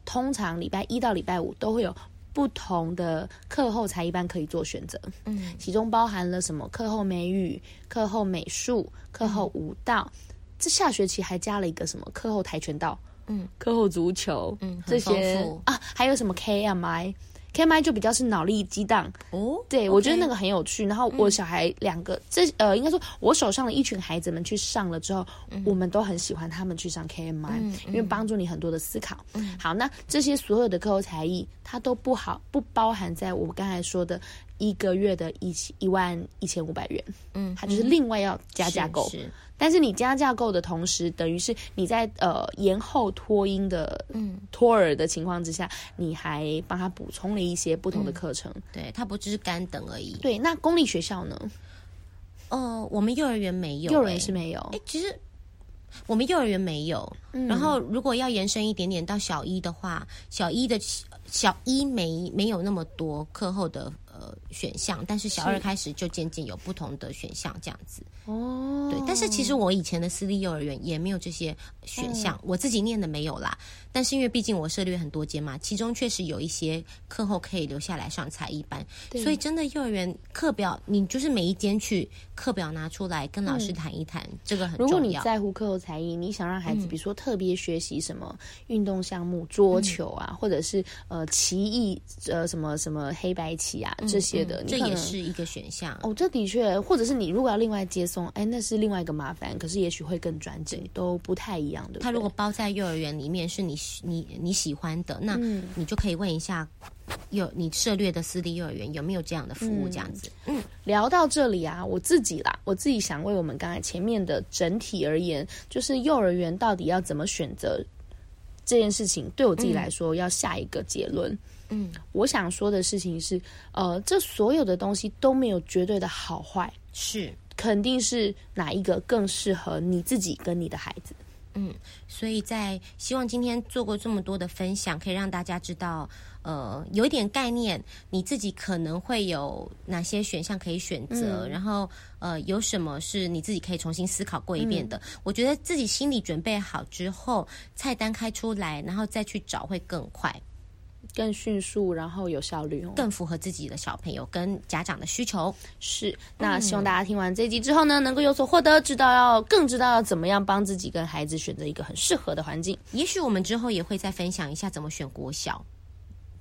通常禮拜一到禮拜五都會有。不同的課後才一般可以做選擇，嗯，其中包含了什麼？課後美語、課後美術、課後舞蹈、嗯，這下學期還加了一個什麼？課後跆拳道、嗯，課後足球、嗯，這些、嗯、啊，還有什麼 KMI？K M I 就比較是腦力激盪哦，oh? 對、okay. 我覺得那個很有趣。然後我小孩兩個，嗯、這呃，應該說我手上的一群孩子們去上了之後，嗯、我們都很喜歡他們去上 K M I、嗯、因為幫助你很多的思考、嗯。好，那這些所有的課後才藝，它都不好，不包含在我們剛才說的。一個月的一一萬一千五百元，嗯，他就是另外要加價購。是是，但是你加價購的同時，等於是你在呃延後托嬰的，嗯托兒的情況之下，你還幫他補充了一些不同的課程，嗯、對，他不只是乾等而已。對，那公立學校呢？呃，我們幼兒園沒有、欸，幼兒園是沒有，哎、欸，其實我們幼兒園沒有、嗯，然後如果要延伸一點點到小一的話，小一的小一沒沒有那麼多課後的選項，但是小二開始就漸漸有不同的選項這樣子哦，對，但是其實我以前的私立幼兒園也沒有這些選項，嗯，我自己念的沒有啦。但是因為畢竟我涉獵很多間嘛，其中確實有一些課後可以留下來上才藝班，對，所以真的幼兒園課表你就是每一間去課表拿出來跟老師談一談，嗯，這個很重要。如果你在乎課後才藝，你想讓孩子比如說特別學習什麼運動項目，嗯，桌球啊，或者是呃棋藝，呃，呃什麼什麼黑白棋啊這些的，嗯嗯你，這也是一個選項哦。這的確，或者是你如果要另外接送，哎，那是另外一個麻煩，可是也許會更專精，都不太一樣的。他如果包在幼兒園裡面，是你。你你喜歡的，那你就可以問一下，嗯，有你涉獵的私立幼兒園有沒有這樣的服務？嗯，這樣子，聊到這裡啊，我自己啦，我自己想為我們剛才前面的整體而言，就是幼兒園到底要怎麼選擇這件事情，對我自己來說要下一個結論。嗯，我想說的事情是，呃，這所有的東西都沒有絕對的好壞，是肯定是哪一個更適合你自己跟你的孩子。嗯，所以在希望今天做過這麼多的分享，可以讓大家知道，呃，有一點概念，你自己可能會有哪些選項可以選擇，嗯、然後呃，有什麼是你自己可以重新思考過一遍的，嗯。我覺得自己心理準備好之後，菜單開出來，然後再去找會更快。更迅速，然後有效率哦，更符合自己的小朋友跟家長的需求。是，那希望大家聽完這一集之後呢，能夠有所獲得，知道要更知道要怎麼樣幫自己跟孩子選擇一個很適合的環境。也許我們之後也會再分享一下怎麼選國小，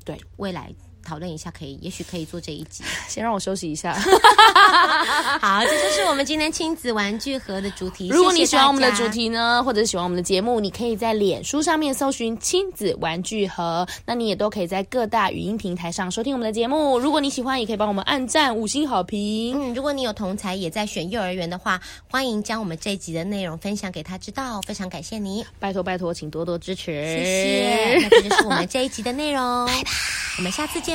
對未來。討論一下可以，也許可以做這一集。先讓我休息一下。 好，這就是我們今天親子玩具盒的主題。如果你謝謝喜歡我們的主題呢，或者喜歡我們的節目，你可以在臉書上面搜尋親子玩具盒。那你也都可以在各大語音平台上收聽我們的節目。如果你喜歡，也可以幫我們按讚，五星好評。嗯，如果你有同才也在選幼兒園的話，歡迎將我們這一集的內容分享給他知道，非常感謝你。拜托拜托，請多多支持。謝謝。那這就是我們這一集的內容。拜 我們下次見。